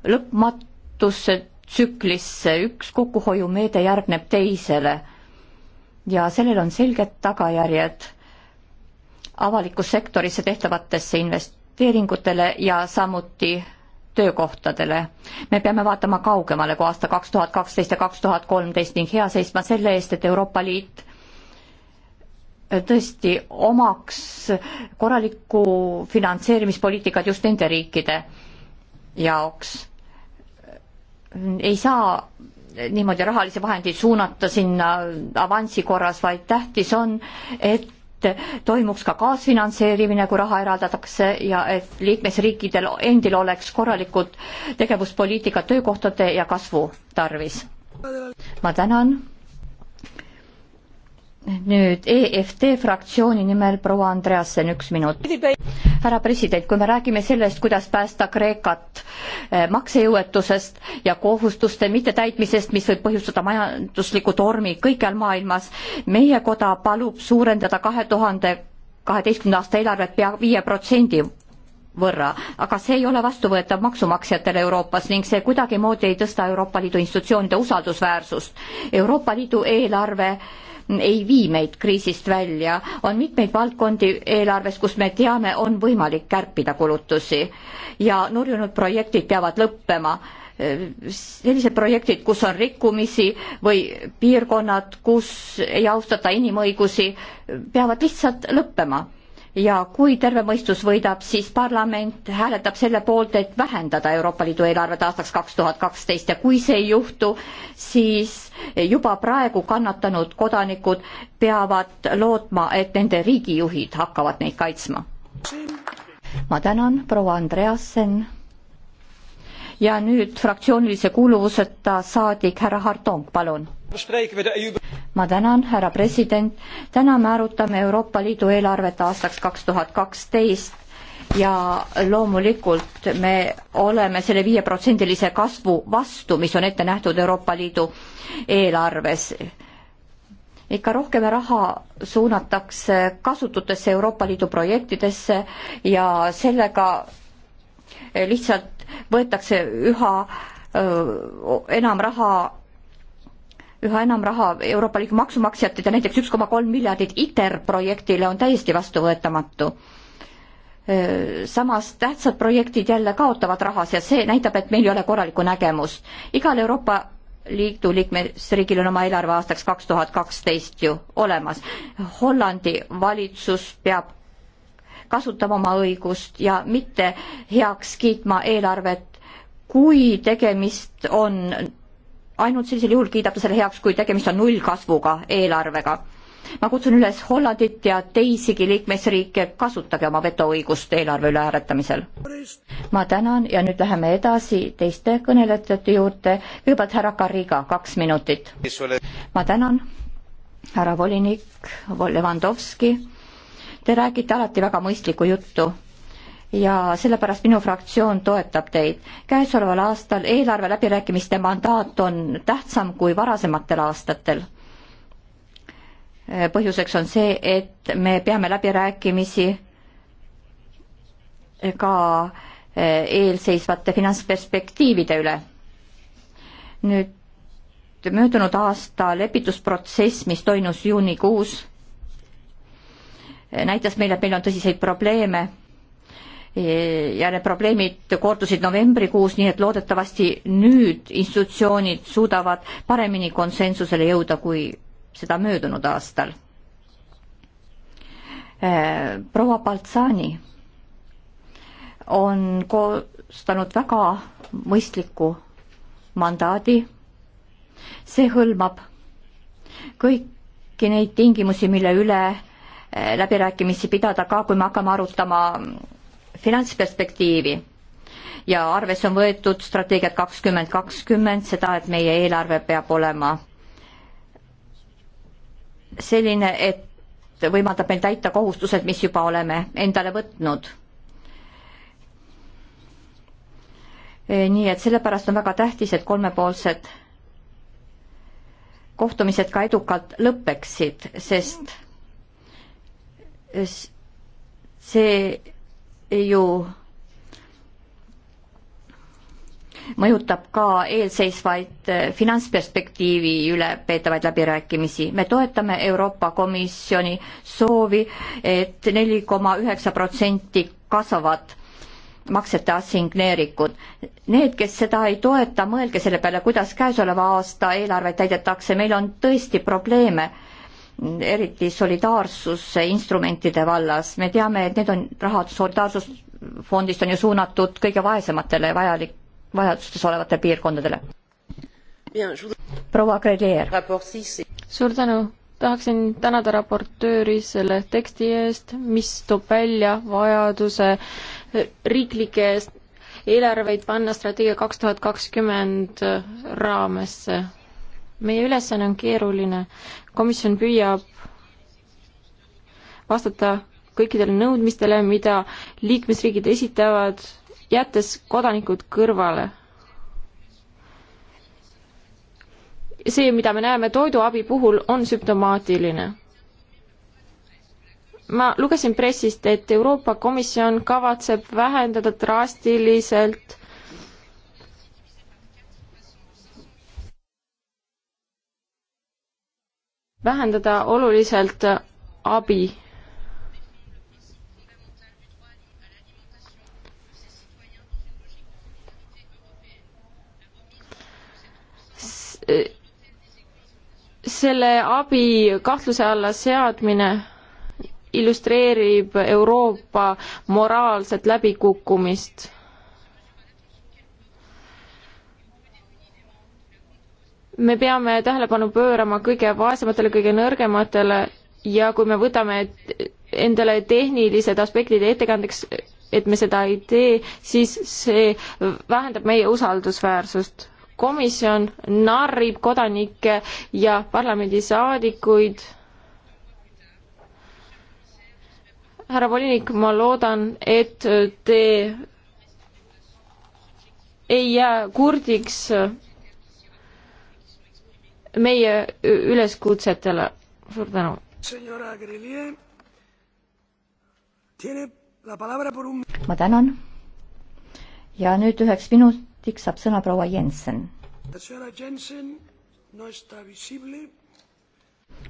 lõpmatusse tsüklisse, üks kokkuhoiumeede järgneb teisele. ja sellel on selged tagajärjed avalikus sektorisse tehtavatesse investeeringutele ja samuti töökohtadele. me peame vaatama kaugemale kui aasta kaks tuhat kaksteist ja kaks tuhat kolmteist ning hea seisma selle eest, et Euroopa Liit tõesti omaks korralikku finantseerimispoliitikat just nende riikide jaoks. ei saa niimoodi rahalisi vahendeid suunata sinna avansi korras, vaid tähtis on, et et toimuks ka kaasfinantseerimine, kui raha eraldatakse ja et liikmesriikidel endil oleks korralikud tegevuspoliitikad töökohtade ja kasvu tarvis. ma tänan nüüd EFT fraktsiooni nimel proua Andreasen, üks minut. härra president, kui me räägime sellest, kuidas päästa Kreekat eh, maksejõuetusest ja kohustuste mittetäitmisest, mis võib põhjustada majandusliku tormi kõikjal maailmas, meie koda palub suurendada kahe tuhande kaheteistkümnenda aasta eelarvet pea viie protsendi võrra, aga see ei ole vastuvõetav maksumaksjatele Euroopas ning see kuidagimoodi ei tõsta Euroopa Liidu institutsioonide usaldusväärsust. Euroopa Liidu eelarve äh, ei vii meid kriisist välja. on mitmeid valdkondi eelarves, kus me teame, on võimalik kärpida kulutusi ja nurjunud projektid peavad lõppema sellised projektid, kus on rikkumisi või piirkonnad, kus ei austata inimõigusi, peavad lihtsalt lõppema ja kui terve mõistus võidab, siis parlament hääletab selle poolt, et vähendada Euroopa Liidu eelarvet aastaks kaks tuhat kaksteist ja kui see ei juhtu, siis juba praegu kannatanud kodanikud peavad lootma, et nende riigijuhid hakkavad neid kaitsma. ma tänan, proua Andreasen ja nüüd fraktsioonilise kuuluvuseta saadik härra Hartong, palun ma tänan, härra president, täna me arutame Euroopa Liidu eelarvet aastaks kaks tuhat kaksteist ja loomulikult me oleme selle viieprotsendilise kasvu vastu, mis on ette nähtud Euroopa Liidu eelarves. ikka rohkem raha suunatakse kasututesse Euroopa Liidu projektidesse ja sellega lihtsalt võetakse üha öö, enam raha üha enam raha Euroopa Liidu maksumaksjatelt ja näiteks üks koma kolm miljardit ITER projektile on täiesti vastuvõetamatu. samas tähtsad projektid jälle kaotavad rahas ja see näitab, et meil ei ole korralikku nägemust. igal Euroopa Liidu liikmesriigil on oma eelarve aastaks kaks tuhat kaksteist ju olemas. Hollandi valitsus peab kasutama oma õigust ja mitte heaks kiitma eelarvet, kui tegemist on ainult sellisel juhul kiidab ta selle heaks, kui tegemist on nullkasvuga eelarvega. ma kutsun üles Hollandit ja teisigi liikmesriike, kasutage oma vetoõigust eelarve üle hääletamisel. ma tänan ja nüüd läheme edasi teiste kõnelejate juurde. kõigepealt härra Kariga, kaks minutit. ma tänan, härra volinik Levandovski. Te räägite alati väga mõistlikku juttu ja sellepärast minu fraktsioon toetab teid. käesoleval aastal eelarve läbirääkimiste mandaat on tähtsam kui varasematel aastatel. põhjuseks on see, et me peame läbirääkimisi ka eelseisvate finantsperspektiivide üle. nüüd möödunud aasta lepitusprotsess, mis toimus juunikuus, näitas meile, et meil on tõsiseid probleeme ja need probleemid kordusid novembrikuus, nii et loodetavasti nüüd institutsioonid suudavad paremini konsensusele jõuda kui seda möödunud aastal. proua Baltsani on koostanud väga mõistliku mandaadi. see hõlmab kõiki neid tingimusi, mille üle läbirääkimisi pidada ka, kui me hakkame arutama finantsperspektiivi ja arvesse on võetud strateegiat kakskümmend kakskümmend, seda, et meie eelarve peab olema selline, et võimaldab meil täita kohustused, mis juba oleme endale võtnud. E, nii et sellepärast on väga tähtis, et kolmepoolsed kohtumised ka edukalt lõpeksid, sest see ju mõjutab ka eelseisvaid eh, finantsperspektiivi üle peetavaid läbirääkimisi. me toetame Euroopa Komisjoni soovi et, et neli koma üheksa protsenti kasvavad maksete assigneerikud. Need, kes seda ei toeta, mõelge selle peale, kuidas käesoleva aasta eelarvet täidetakse, meil on tõesti probleeme eriti solidaarsusinstrumentide vallas, me teame, et need on rahad solidaarsusfondist on ju suunatud kõige vaesematele ja vajalik, vajadustes olevatele piirkondadele. proua Grelier. suur tänu,
tahaksin tänada raportööri selle teksti eest, mis toob välja vajaduse riiklike eelarveid panna strateegia kaks tuhat kakskümmend raamesse meie ülesanne on keeruline, komisjon püüab vastata kõikidele nõudmistele, mida liikmesriigid esitavad, jättes kodanikud kõrvale. see, mida me näeme toiduabi puhul, on sümptomaatiline. ma lugesin pressist, et Euroopa Komisjon kavatseb vähendada drastiliselt vähendada oluliselt abi. selle abi kahtluse alla seadmine illustreerib Euroopa moraalset läbikukkumist me peame tähelepanu pöörama kõige vaesematele, kõige nõrgematele ja kui me võtame endale tehnilised aspektid ettekandeks, et me seda ei tee, siis see vähendab meie usaldusväärsust. komisjon narrib kodanikke ja parlamendisaadikuid. härra volinik, ma loodan, et te ei jää kurdiks meie üleskutsetele.
suur
tänu. ma tänan. ja nüüd üheks minutiks saab sõna proua Jensen.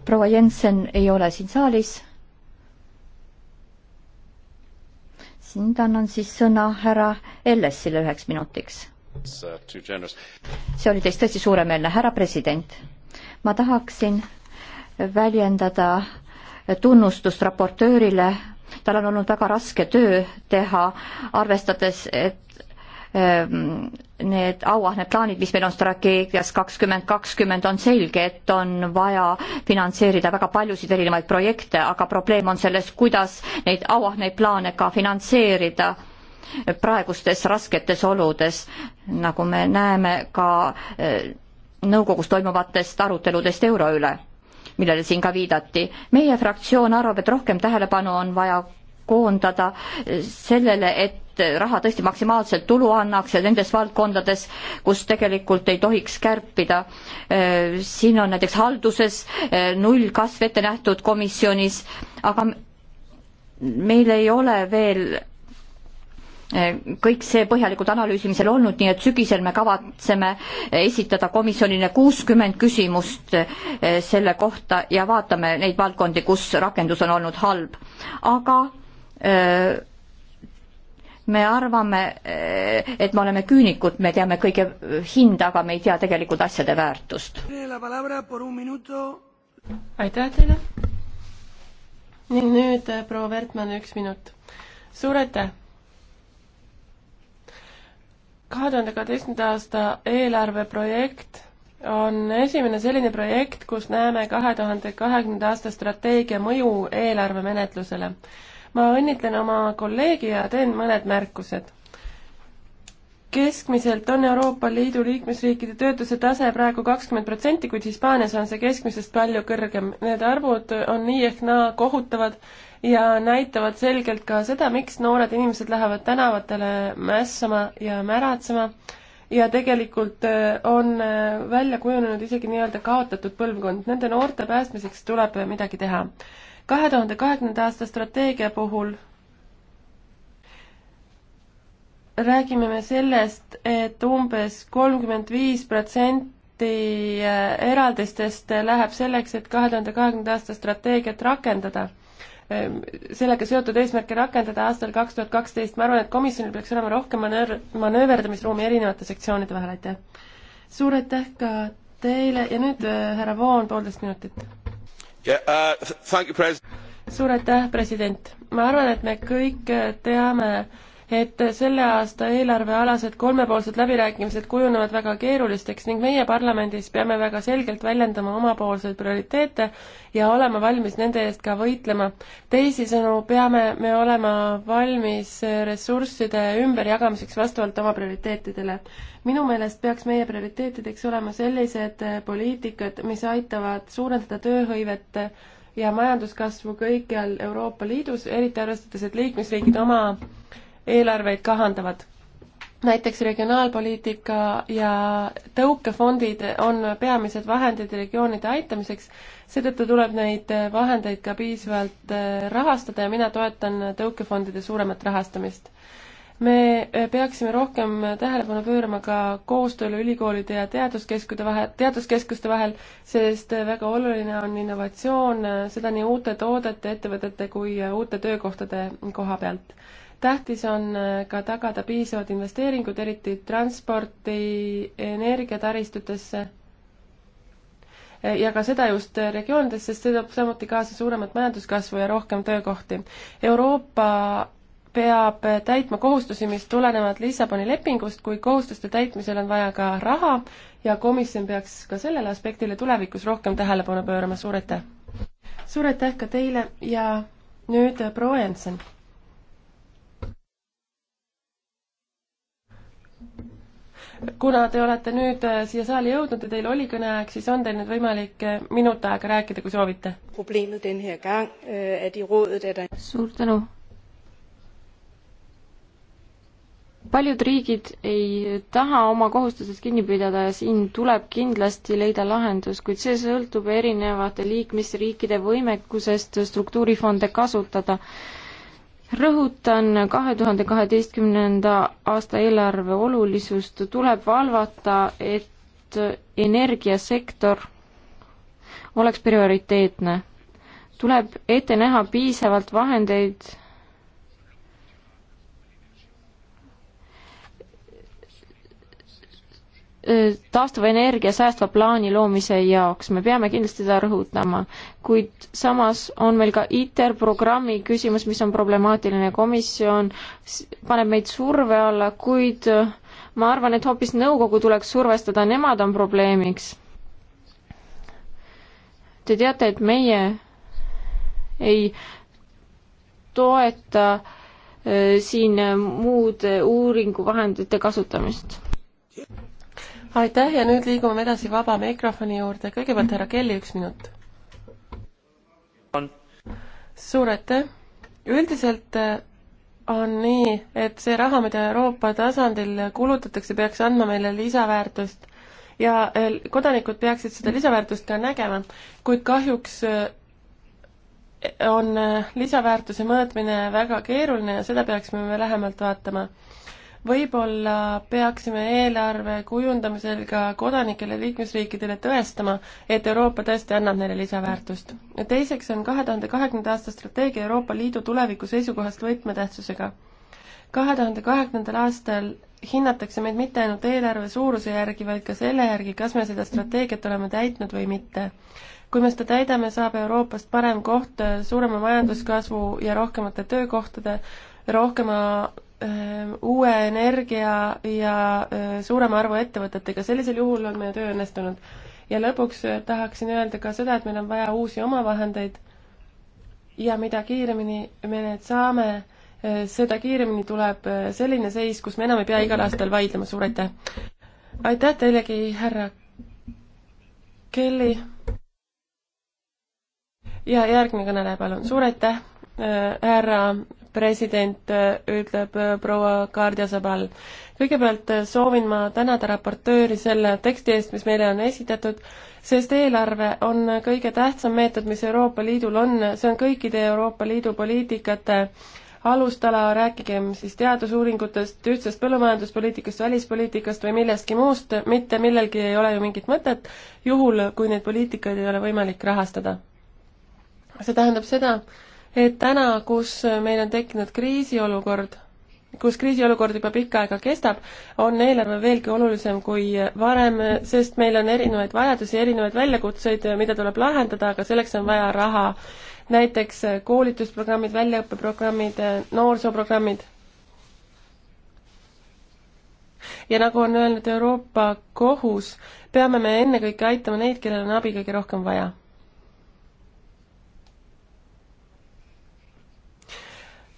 proua Jensen ei ole siin saalis sind annan siis sõna härra Ellesile üheks minutiks. Uh, see oli teist tõesti suuremeelne, härra president. ma tahaksin väljendada tunnustust raportöörile, tal on olnud väga raske töö teha, arvestades, et ähm, need auahned plaanid, mis meil on strateegias kakskümmend kakskümmend, on selge, et on vaja finantseerida väga paljusid erinevaid projekte, aga probleem on selles, kuidas neid auahneid plaane ka finantseerida praegustes rasketes oludes, nagu me näeme ka e, nõukogus toimuvatest aruteludest euro üle, millele siin ka viidati. meie fraktsioon arvab, et rohkem tähelepanu on vaja koondada e, sellele, et raha tõesti maksimaalselt tulu annaks ja nendes valdkondades, kus tegelikult ei tohiks kärpida. E, siin on näiteks halduses nullkasv ette nähtud komisjonis, aga meil ei ole veel kõik see põhjalikult analüüsimisel olnud, nii et sügisel me kavatseme esitada komisjonile kuuskümmend küsimust eh, selle kohta ja vaatame neid valdkondi, kus rakendus on olnud halb. aga eh, me arvame, eh, et me oleme küünikud, me teame kõige hinda, aga me ei tea tegelikult asjade väärtust.
aitäh teile. ning nüüd proua Vertmann, üks minut. suur aitäh kahe tuhande kaheteistkümnenda aasta eelarveprojekt on esimene selline projekt, kus näeme kahe tuhande kahekümnenda aasta strateegia mõju eelarvemenetlusele. ma õnnitlen oma kolleegi ja teen mõned märkused keskmiselt on Euroopa Liidu liikmesriikide töötuse tase praegu kakskümmend protsenti, kuid Hispaanias on see keskmisest palju kõrgem. Need arvud on nii ehk naa kohutavad ja näitavad selgelt ka seda, miks noored inimesed lähevad tänavatele mässama ja märatsema ja tegelikult äh, on äh, välja kujunenud isegi nii-öelda kaotatud põlvkond, nende noorte päästmiseks tuleb äh, midagi teha. kahe tuhande kahekümnenda aasta strateegia puhul räägime me sellest, et umbes kolmkümmend viis protsenti eraldistest läheb selleks, et kahe tuhande kahekümnenda aasta strateegiat rakendada Ehm, sellega seotud eesmärke rakendada aastal kaks tuhat kaksteist, ma arvan, et komisjonil peaks olema rohkem manöör-, manööverdamisruumi erinevate sektsioonide vahel, aitäh! suur aitäh ka teile ja nüüd äh, härra Voon, poolteist minutit yeah,. Uh, suur aitäh, president! ma arvan, et me kõik äh, teame, et selle aasta eelarvealased kolmepoolsed läbirääkimised kujunevad väga keerulisteks ning meie parlamendis peame väga selgelt väljendama omapoolseid prioriteete ja olema valmis nende eest ka võitlema. teisisõnu peame me olema valmis ressursside ümberjagamiseks vastavalt oma prioriteetidele. minu meelest peaks meie prioriteetideks olema sellised poliitikad, mis aitavad suurendada tööhõivet ja majanduskasvu kõikjal Euroopa Liidus, eriti arvestades, et liikmesriigid oma eelarveid kahandavad näiteks regionaalpoliitika ja tõukefondid on peamised vahendid regioonide aitamiseks, seetõttu tuleb neid vahendeid ka piisavalt eh, rahastada ja mina toetan tõukefondide suuremat rahastamist. me peaksime rohkem tähelepanu pöörama ka koostööle ülikoolide ja teaduskeskude vahel, teaduskeskuste vahel, sest väga oluline on innovatsioon, eh, seda nii uute toodete, ettevõtete kui eh, uute töökohtade koha pealt tähtis on äh, ka tagada piisavad investeeringud, eriti transporti, energiataristutesse ja ka seda just regioonides, sest see toob samuti kaasa suuremat majanduskasvu ja rohkem töökohti. Euroopa peab täitma kohustusi, mis tulenevad Lissaboni lepingust, kui kohustuste täitmisel on vaja ka raha ja komisjon peaks ka sellele aspektile tulevikus rohkem tähelepanu pöörama, suur aitäh! suur aitäh ka teile ja nüüd proua Jensen! kuna te olete nüüd äh, siia saali jõudnud ja teil oli kõneaeg, siis on teil nüüd võimalik äh, minut aega rääkida, kui soovite.
Äh, suur tänu. paljud riigid ei taha oma kohustusest kinni pidada ja siin tuleb kindlasti leida lahendus, kuid see sõltub erinevate liikmesriikide võimekusest struktuurifonde kasutada rõhutan kahe tuhande kaheteistkümnenda aasta eelarve olulisust, tuleb valvata, et energiasektor oleks prioriteetne. tuleb ette näha piisavalt vahendeid taastuvenergia säästva plaani loomise jaoks, me peame kindlasti seda rõhutama, kuid samas on meil ka ITER programmi küsimus, mis on problemaatiline, komisjon paneb meid surve alla, kuid ma arvan, et hoopis nõukogu tuleks survestada, nemad on probleemiks. Te teate, et meie ei toeta siin äh, muude uuringuvahendite kasutamist
aitäh ja nüüd liigume edasi vaba mikrofoni juurde, kõigepealt härra Kelly, üks minut. suur aitäh, üldiselt äh, on nii, et see raha, mida Euroopa tasandil kulutatakse, peaks andma meile lisaväärtust ja äh, kodanikud peaksid seda lisaväärtust ka nägema, kuid kahjuks äh, on lisaväärtuse mõõtmine väga keeruline ja seda peaksime me lähemalt vaatama võib-olla peaksime eelarve kujundamisel ka kodanikele liikmesriikidele tõestama, et Euroopa tõesti annab neile lisaväärtust. teiseks on kahe tuhande kahekümnenda aasta strateegia Euroopa Liidu tuleviku seisukohast võtmetähtsusega. kahe tuhande kahekümnendal aastal hinnatakse meid mitte ainult eelarve suuruse järgi, vaid ka selle järgi, kas me seda strateegiat oleme täitnud või mitte. kui me seda täidame, saab Euroopast parem koht suurema majanduskasvu ja rohkemate töökohtade, rohkema uue energia ja suurema arvu ettevõtetega, sellisel juhul on meie töö õnnestunud. ja lõpuks tahaksin öelda ka seda, et meil on vaja uusi omavahendeid ja mida kiiremini me need saame, seda kiiremini tuleb selline seis, kus me enam ei pea igal aastal vaidlema, suur aitäh! aitäh teilegi, härra Kelly! ja järgmine kõneleja, palun, suur aitäh, härra president, äh, ütleb äh, proua Kaardia Sabal. kõigepealt äh, soovin ma tänada raportööri selle teksti eest, mis meile on esitatud, sest eelarve on kõige tähtsam meetod, mis Euroopa Liidul on, see on kõikide Euroopa Liidu poliitikate alustala, rääkigem siis teadusuuringutest, ühtsest põllumajanduspoliitikast, välispoliitikast või millestki muust, mitte millelgi ei ole ju mingit mõtet, juhul kui neid poliitikaid ei ole võimalik rahastada. see tähendab seda, et täna, kus meil on tekkinud kriisiolukord, kus kriisiolukord juba pikka aega kestab, on eelarve veelgi olulisem kui varem, sest meil on erinevaid vajadusi, erinevaid väljakutseid, mida tuleb lahendada, aga selleks on vaja raha. näiteks koolitusprogrammid, väljaõppeprogrammid, noorsooprogrammid. ja nagu on öelnud Euroopa Kohus, peame me ennekõike aitama neid, kellel on abi kõige rohkem vaja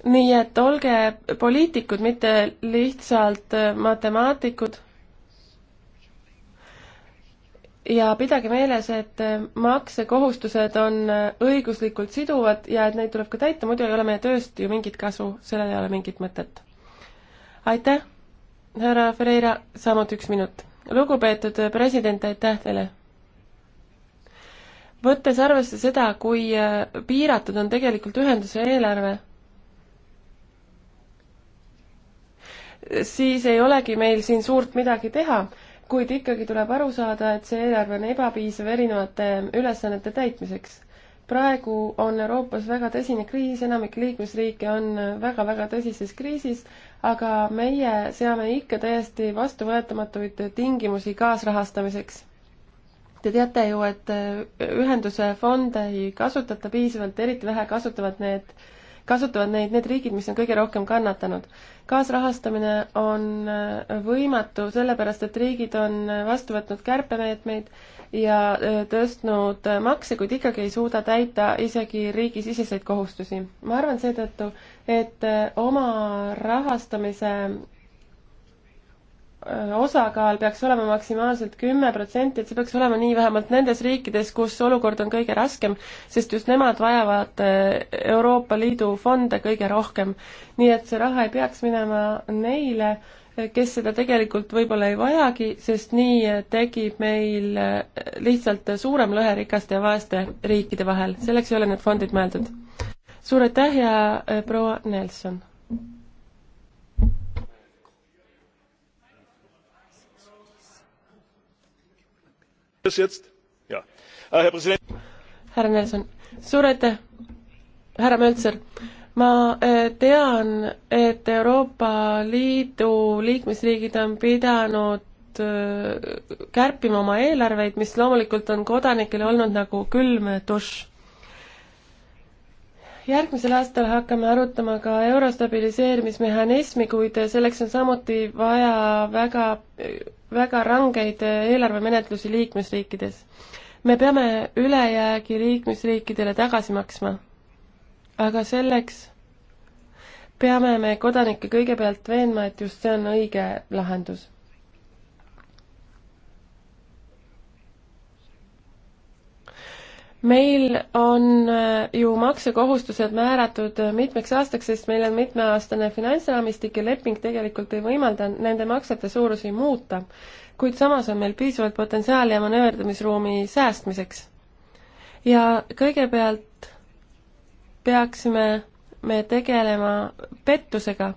nii et olge poliitikud, mitte lihtsalt äh, matemaatikud. ja pidage meeles, et äh, maksekohustused on äh, õiguslikult siduvad ja et neid tuleb ka täita, muidu ei ole meie tööst ju mingit kasu, sellel ei ole mingit mõtet. aitäh, härra Ferreira, samuti üks minut. lugupeetud president, aitäh teile! võttes arvesse seda, kui piiratud on tegelikult ühenduse eelarve siis ei olegi meil siin suurt midagi teha, kuid ikkagi tuleb aru saada, et see eelarve on ebapiisav erinevate ülesannete täitmiseks. praegu on Euroopas väga tõsine kriis, enamik liikmesriike on väga-väga tõsises kriisis, aga meie seame ikka täiesti vastuvõetamatuid tingimusi kaasrahastamiseks. Te teate ju, et ühenduse fonde ei kasutata piisavalt, eriti vähe kasutavad need äh, kasutavad neid need riigid, mis on kõige rohkem kannatanud. kaasrahastamine on äh, võimatu, sellepärast et riigid on äh, vastu võtnud kärpemeetmeid ja äh, tõstnud makse, kuid ikkagi ei suuda täita isegi riigisiseseid kohustusi. ma arvan seetõttu, et oma rahastamise osakaal peaks olema maksimaalselt kümme protsenti, et see peaks olema nii vähemalt nendes riikides, kus olukord on kõige raskem, sest just nemad vajavad Euroopa Liidu fonde kõige rohkem. nii et see raha ei peaks minema neile, kes seda tegelikult võib-olla ei vajagi, sest nii tekib meil lihtsalt suurem lõhe rikaste ja vaeste riikide vahel, selleks ei ole need fondid mõeldud. suur aitäh ja proua Nelson! Äh, härra Nelson, suur aitäh, härra Möltser ma äh, tean, et Euroopa Liidu liikmesriigid on pidanud äh, kärpima oma eelarveid, mis loomulikult on kodanikele olnud nagu külm dušš. järgmisel aastal hakkame arutama ka euro stabiliseerimismehhanismi, kuid selleks on samuti vaja väga väga rangeid äh, eelarvemenetlusi liikmesriikides. me peame ülejäägi liikmesriikidele tagasi maksma. aga selleks peame me kodanikke kõigepealt veenma, et just see on õige lahendus meil on äh, ju maksekohustused määratud äh, mitmeks aastaks, sest meil on mitmeaastane finantsraamistik ja leping tegelikult ei võimalda nende maksete suurusi muuta, kuid samas on meil piisavalt potentsiaali ja manööverdamisruumi säästmiseks. ja kõigepealt peaksime me tegelema pettusega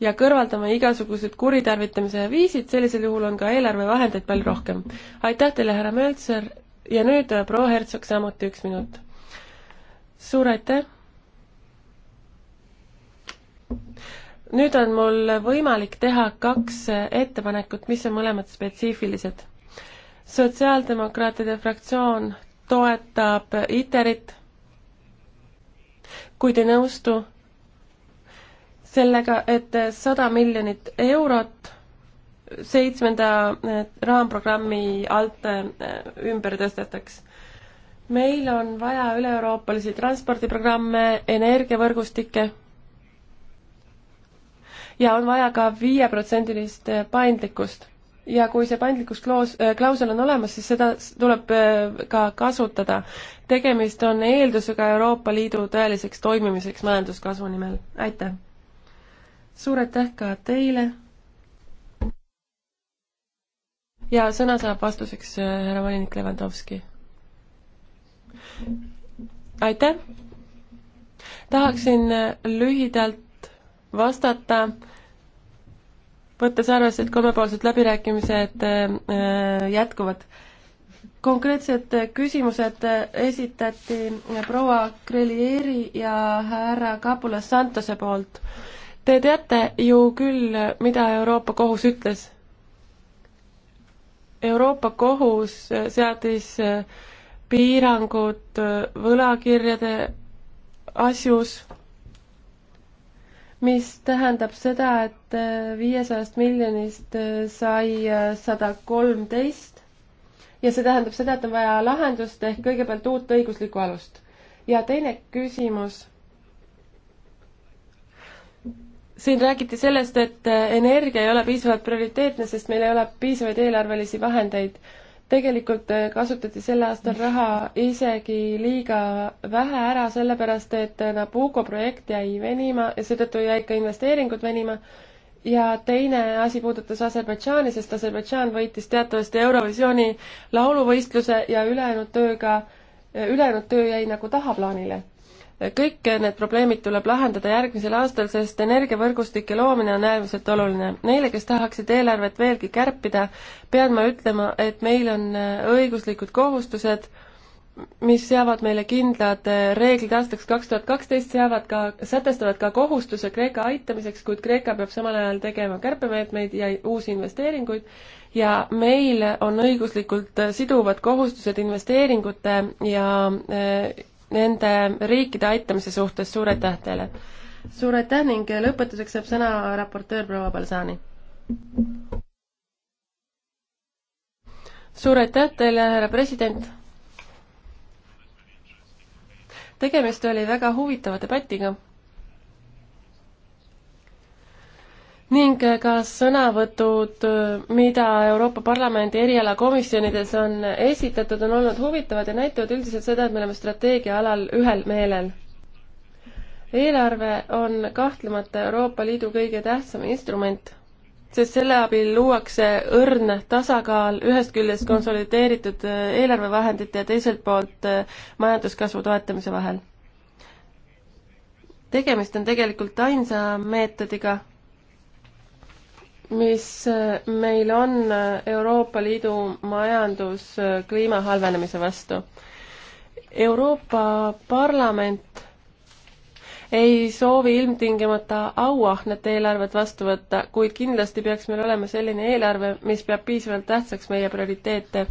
ja kõrvaldama igasugused kuritarvitamise viisid, sellisel juhul on ka eelarvevahendeid palju rohkem. aitäh teile, härra Möltser ja nüüd äh, proua Hertsog, samuti üks minut. suur aitäh! nüüd on mul võimalik teha kaks äh, ettepanekut, mis on mõlemad spetsiifilised. sotsiaaldemokraatide fraktsioon toetab äh, ITER-it, kuid ei nõustu sellega, et sada miljonit eurot seitsmenda eh, raamprogrammi alt eh, ümber tõstetaks. meil on vaja üle-euroopalisi transpordiprogramme, energiavõrgustikke ja on vaja ka viieprotsendilist eh, paindlikkust. ja kui see paindlikkus klaus-, klausel on olemas, siis seda tuleb ka kasutada. tegemist on eeldusega Euroopa Liidu tõeliseks toimimiseks majanduskasvu nimel. aitäh! suur aitäh ka teile! ja sõna saab vastuseks äh, härra volinik Levandovski. aitäh! tahaksin äh, lühidalt vastata, võttes arvesse, et kolmepoolsed läbirääkimised äh, jätkuvad. konkreetsed küsimused esitati proua Grelieri ja härra Kapulas Santose poolt. Te teate ju küll, mida Euroopa Kohus ütles Euroopa Kohus seadis äh, piirangud äh, võlakirjade asjus, mis tähendab seda, et äh, viiesajast miljonist sai sada kolmteist ja see tähendab seda, et on vaja lahendust ehk kõigepealt uut õiguslikku alust. ja teine küsimus siin räägiti sellest, et äh, energia ei ole piisavalt prioriteetne, sest meil ei ole piisavaid eelarvelisi vahendeid. tegelikult äh, kasutati sel aastal raha isegi liiga vähe ära, sellepärast et äh, Nabucco projekt jäi venima ja seetõttu jäid ka investeeringud venima. ja teine asi puudutas Aserbaidžaani, sest Aserbaidžaan võitis teatavasti Eurovisiooni lauluvõistluse ja ülejäänud tööga, ülejäänud töö jäi nagu tahaplaanile kõik need probleemid tuleb lahendada järgmisel aastal, sest energiavõrgustike loomine on äärmiselt oluline. Neile, kes tahaksid eelarvet veelgi kärpida, pean ma ütlema, et meil on äh, õiguslikud kohustused, mis seavad meile kindlad äh, reeglid aastaks kaks tuhat kaksteist, seavad ka, sätestavad ka kohustuse Kreeka aitamiseks, kuid Kreeka peab samal ajal tegema kärpemeetmeid ja uusi investeeringuid ja meil on õiguslikult äh, siduvad kohustused investeeringute ja nende riikide aitamise suhtes, suur aitäh teile! suur aitäh ning lõpetuseks saab sõna raportöör proua Balsani. suur aitäh teile, härra president! tegemist oli väga huvitava debatiga ning ka sõnavõtud, mida Euroopa Parlamendi erialakomisjonides on esitatud, on olnud huvitavad ja näitavad üldiselt seda, et me oleme strateegia alal ühel meelel. eelarve on kahtlemata Euroopa Liidu kõige tähtsam instrument, sest selle abil luuakse õrn tasakaal ühest küljest konsolideeritud eelarvevahendite ja teiselt poolt majanduskasvu toetamise vahel. tegemist on tegelikult ainsa meetodiga mis äh, meil on äh, Euroopa Liidu majanduskliima äh, halvenemise vastu. Euroopa Parlament ei soovi ilmtingimata auahnet eelarvet vastu võtta, kuid kindlasti peaks meil olema selline eelarve, mis peab piisavalt tähtsaks meie prioriteete.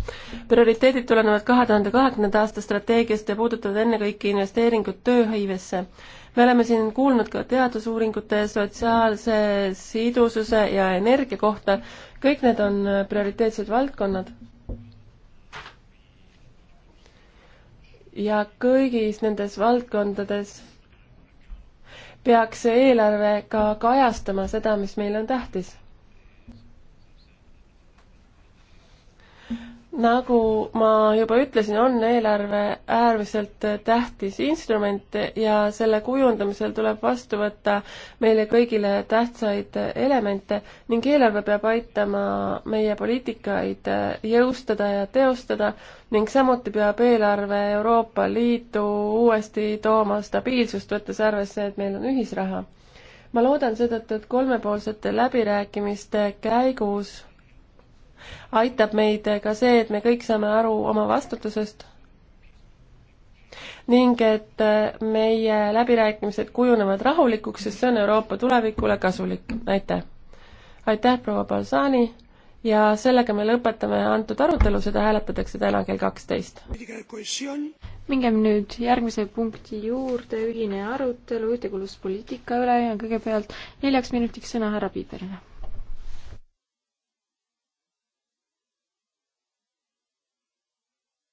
prioriteedid tulenevad kahe tuhande kahekümnenda aasta strateegiast ja puudutavad ennekõike investeeringut tööhõivesse me oleme siin kuulnud ka teadusuuringute sotsiaalse sidususe ja energia kohta. kõik need on prioriteetsed valdkonnad. ja kõigis nendes valdkondades peaks see eelarve ka kajastama seda, mis meile on tähtis nagu ma juba ütlesin, on eelarve äärmiselt tähtis instrument ja selle kujundamisel tuleb vastu võtta meile kõigile tähtsaid elemente ning eelarve peab aitama meie poliitikaid jõustada ja teostada ning samuti peab eelarve Euroopa Liitu uuesti tooma stabiilsust, võttes arvesse, et meil on ühisraha. ma loodan seetõttu, et kolmepoolsete läbirääkimiste käigus aitab meid ka see, et me kõik saame aru oma vastutusest ning et meie läbirääkimised kujunevad rahulikuks, sest see on Euroopa tulevikule kasulik. aitäh! aitäh, proua Balsani ja sellega me lõpetame antud arutelu, seda hääletatakse täna kell kaksteist.
mingem nüüd järgmise punkti juurde, ühine arutelu ühtekuuluvuspoliitika üle ja kõigepealt neljaks minutiks sõna härra Piiberile